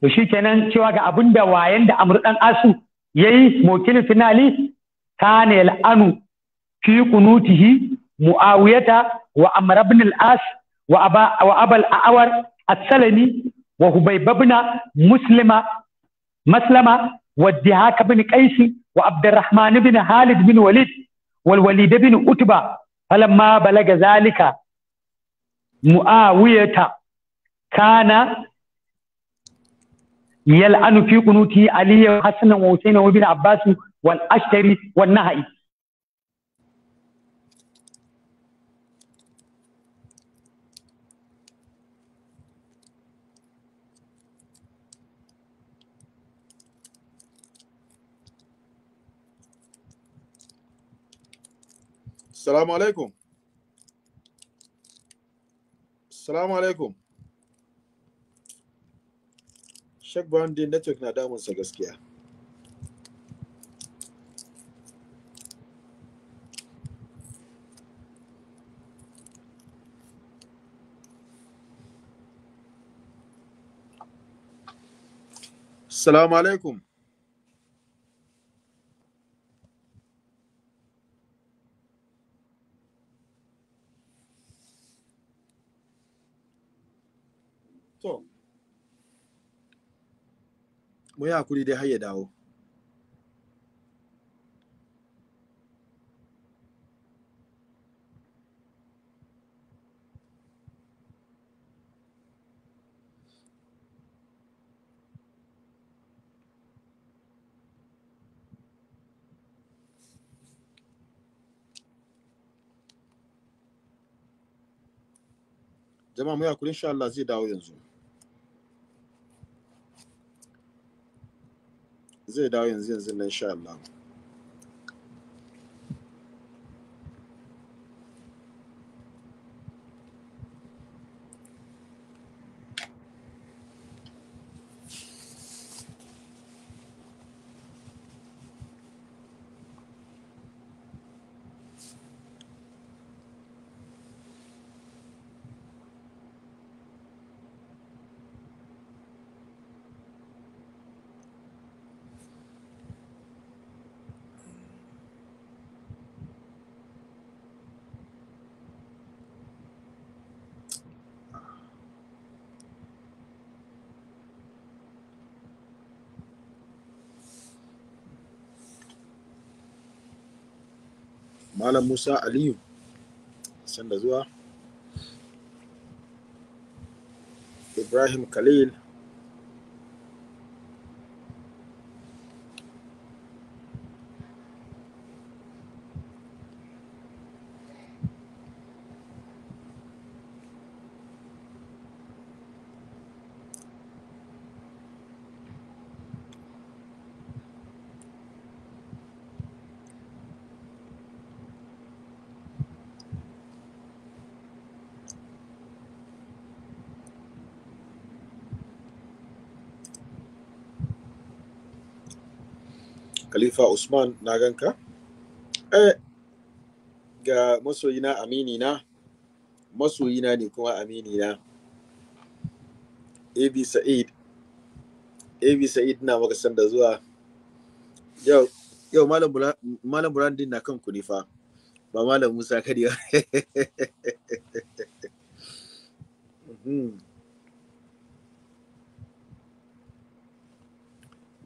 to shi kenan cewa ga abin da wayan da Amr dan Asu yayi mokilin finali kana yal'anu fi kunutihi muawiyata wa amr ibn al-as wa aba wa abal awar السلمي وهبيب بن مسلمة مسلمة والدهاك بن قيس وعبد الرحمن بن خالد بن وليد والوليد بن أتبة فلما بلغ ذلك معاوية كان يلعن في قنوته علي وحسن وحسين وابن عباس والأشتري والنهي Salamu alaikum. Salamu alaikum. Shek Brandi network na damunsa gaskiya. Salamu alaikum. mu yi hakuri dai har ya dawo jama'a mu yi hakuri insha Allah zai dawo yanzu 现在导演现在在南沙了。Malam Musa Aliyu. Sanda zuwa. Ibrahim Khalil. khalifa usman na ganka eh ga masoyina amini na masoyina ne kuma amini na ab sa'id ab sa'id na maka sanda zuwa yau yau malam burandin na kan ku ne fa ba malam musa kariya (laughs) mhm.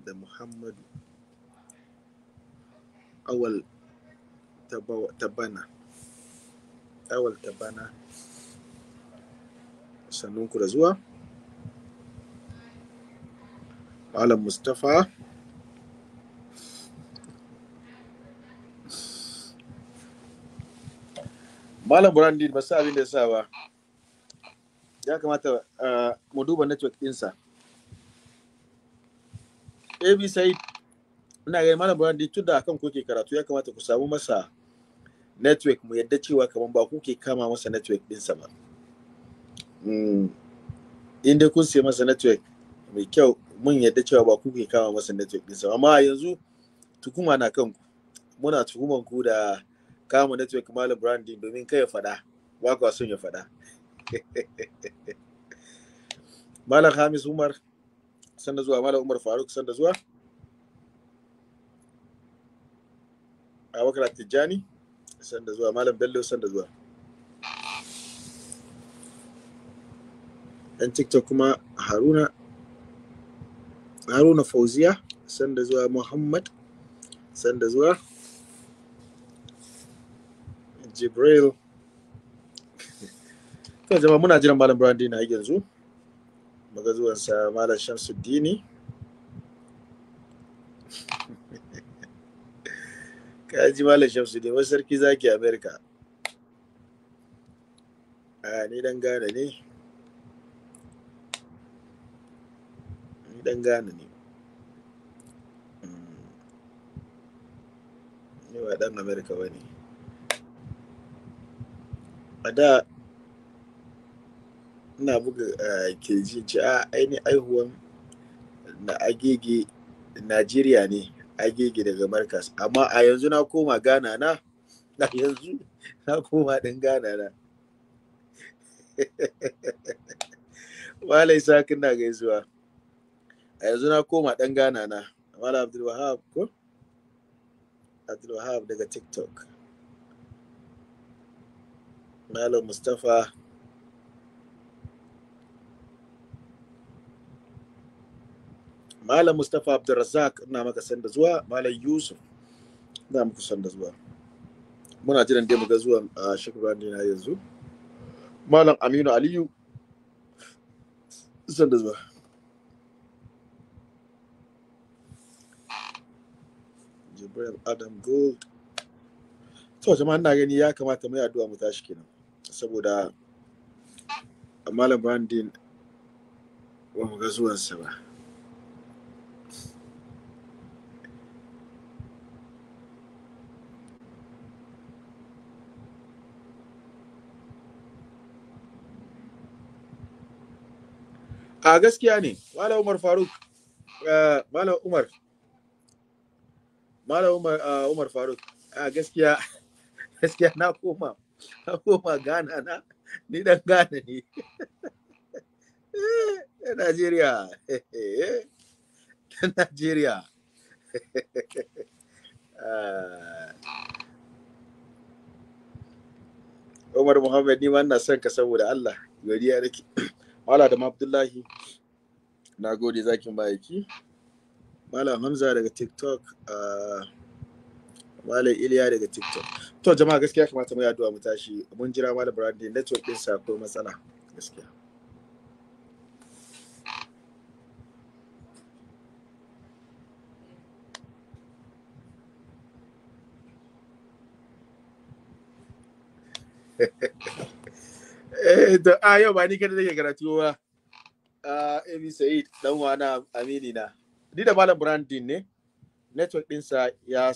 da muhammadu awal tabana awal tabana sannun ku da zuwa malam mustapha malam brandin ba sa abin da sa ba ya kamata mu duba network ɗinsa abc ina gani malam Brown dai tunda akan kuke karatu ya kamata ku samu masa network mu yadda cewa kaman ba kuke kama masa network din sa ba mm. in dai kun sai masa network mai kyau mun yadda cewa ba kuke kama masa network din sa amma yanzu tukuma na kanku muna tukuman ku da kama network malam branding domin kai ya faɗa ba kwa son ya faɗa (laughs) malam hamis umar sanda zuwa malam umar faruk sanda zuwa Abubakar Tijjani sanda zuwa Malam Bello sanda zuwa. Ɗan TikTok kuma Haruna Haruna Fauziya sanda zuwa Muhammad sanda zuwa Jibril kan (laughs) jama'a muna jiran Malam Brandon na yanzu zuwansa Malam Shamsuddini ka ji malam shamsu ne wasu sarki zaki amerika a ni dan gane ne ni dan gane ne hmm. ni ba dan amerika ba ne a da ina buga keji ci a aini aihuwan na agege najeriya ne agege daga markas amma a yanzu na koma gana na na yanzu na koma din gana na walai (laughs) sakin na gaisuwa a yanzu na koma dan gana na mala abdulwahab ko abdulwahab daga tiktok malam mustapha Malam Mustapha Abdulrazak ina maka san da zuwa, Malam Yusuf ina muku san da zuwa. Muna jiran dai muga zuwan a ah, Shekara na yanzu. Malam Aminu Aliyu san da zuwa. Jibril Adam Gold. To jama'a ina gani ya kamata mu yi addu'a mu tashi kenan. Saboda Malam Brandin ba mu ga zuwansa ba. a gaskiya ne malam umar faruk eh, malam umar malam umar eh, faruk a gaskiya (laughs) gaskiya na koma na koma gana na ni dan gana ne (laughs) Najeriya (laughs) Najeriya ah. Umar Muhammad ni ma ina son ka saboda Allah godiya nake (coughs) Mala Abdullahi, na gode zakin bayaki. Malam Hamza daga TikTok, Malam Iliya daga TikTok. To jama'a gaskiya kamata mu yi addu'a mu tashi mun jira Malam Brandon network din sa ko matsala gaskiya. (laughs) da eh, a yau ba ni kada nake karatu ba a Emi Said dan wana amini na ni da malam Brandin ne network ɗinsa ya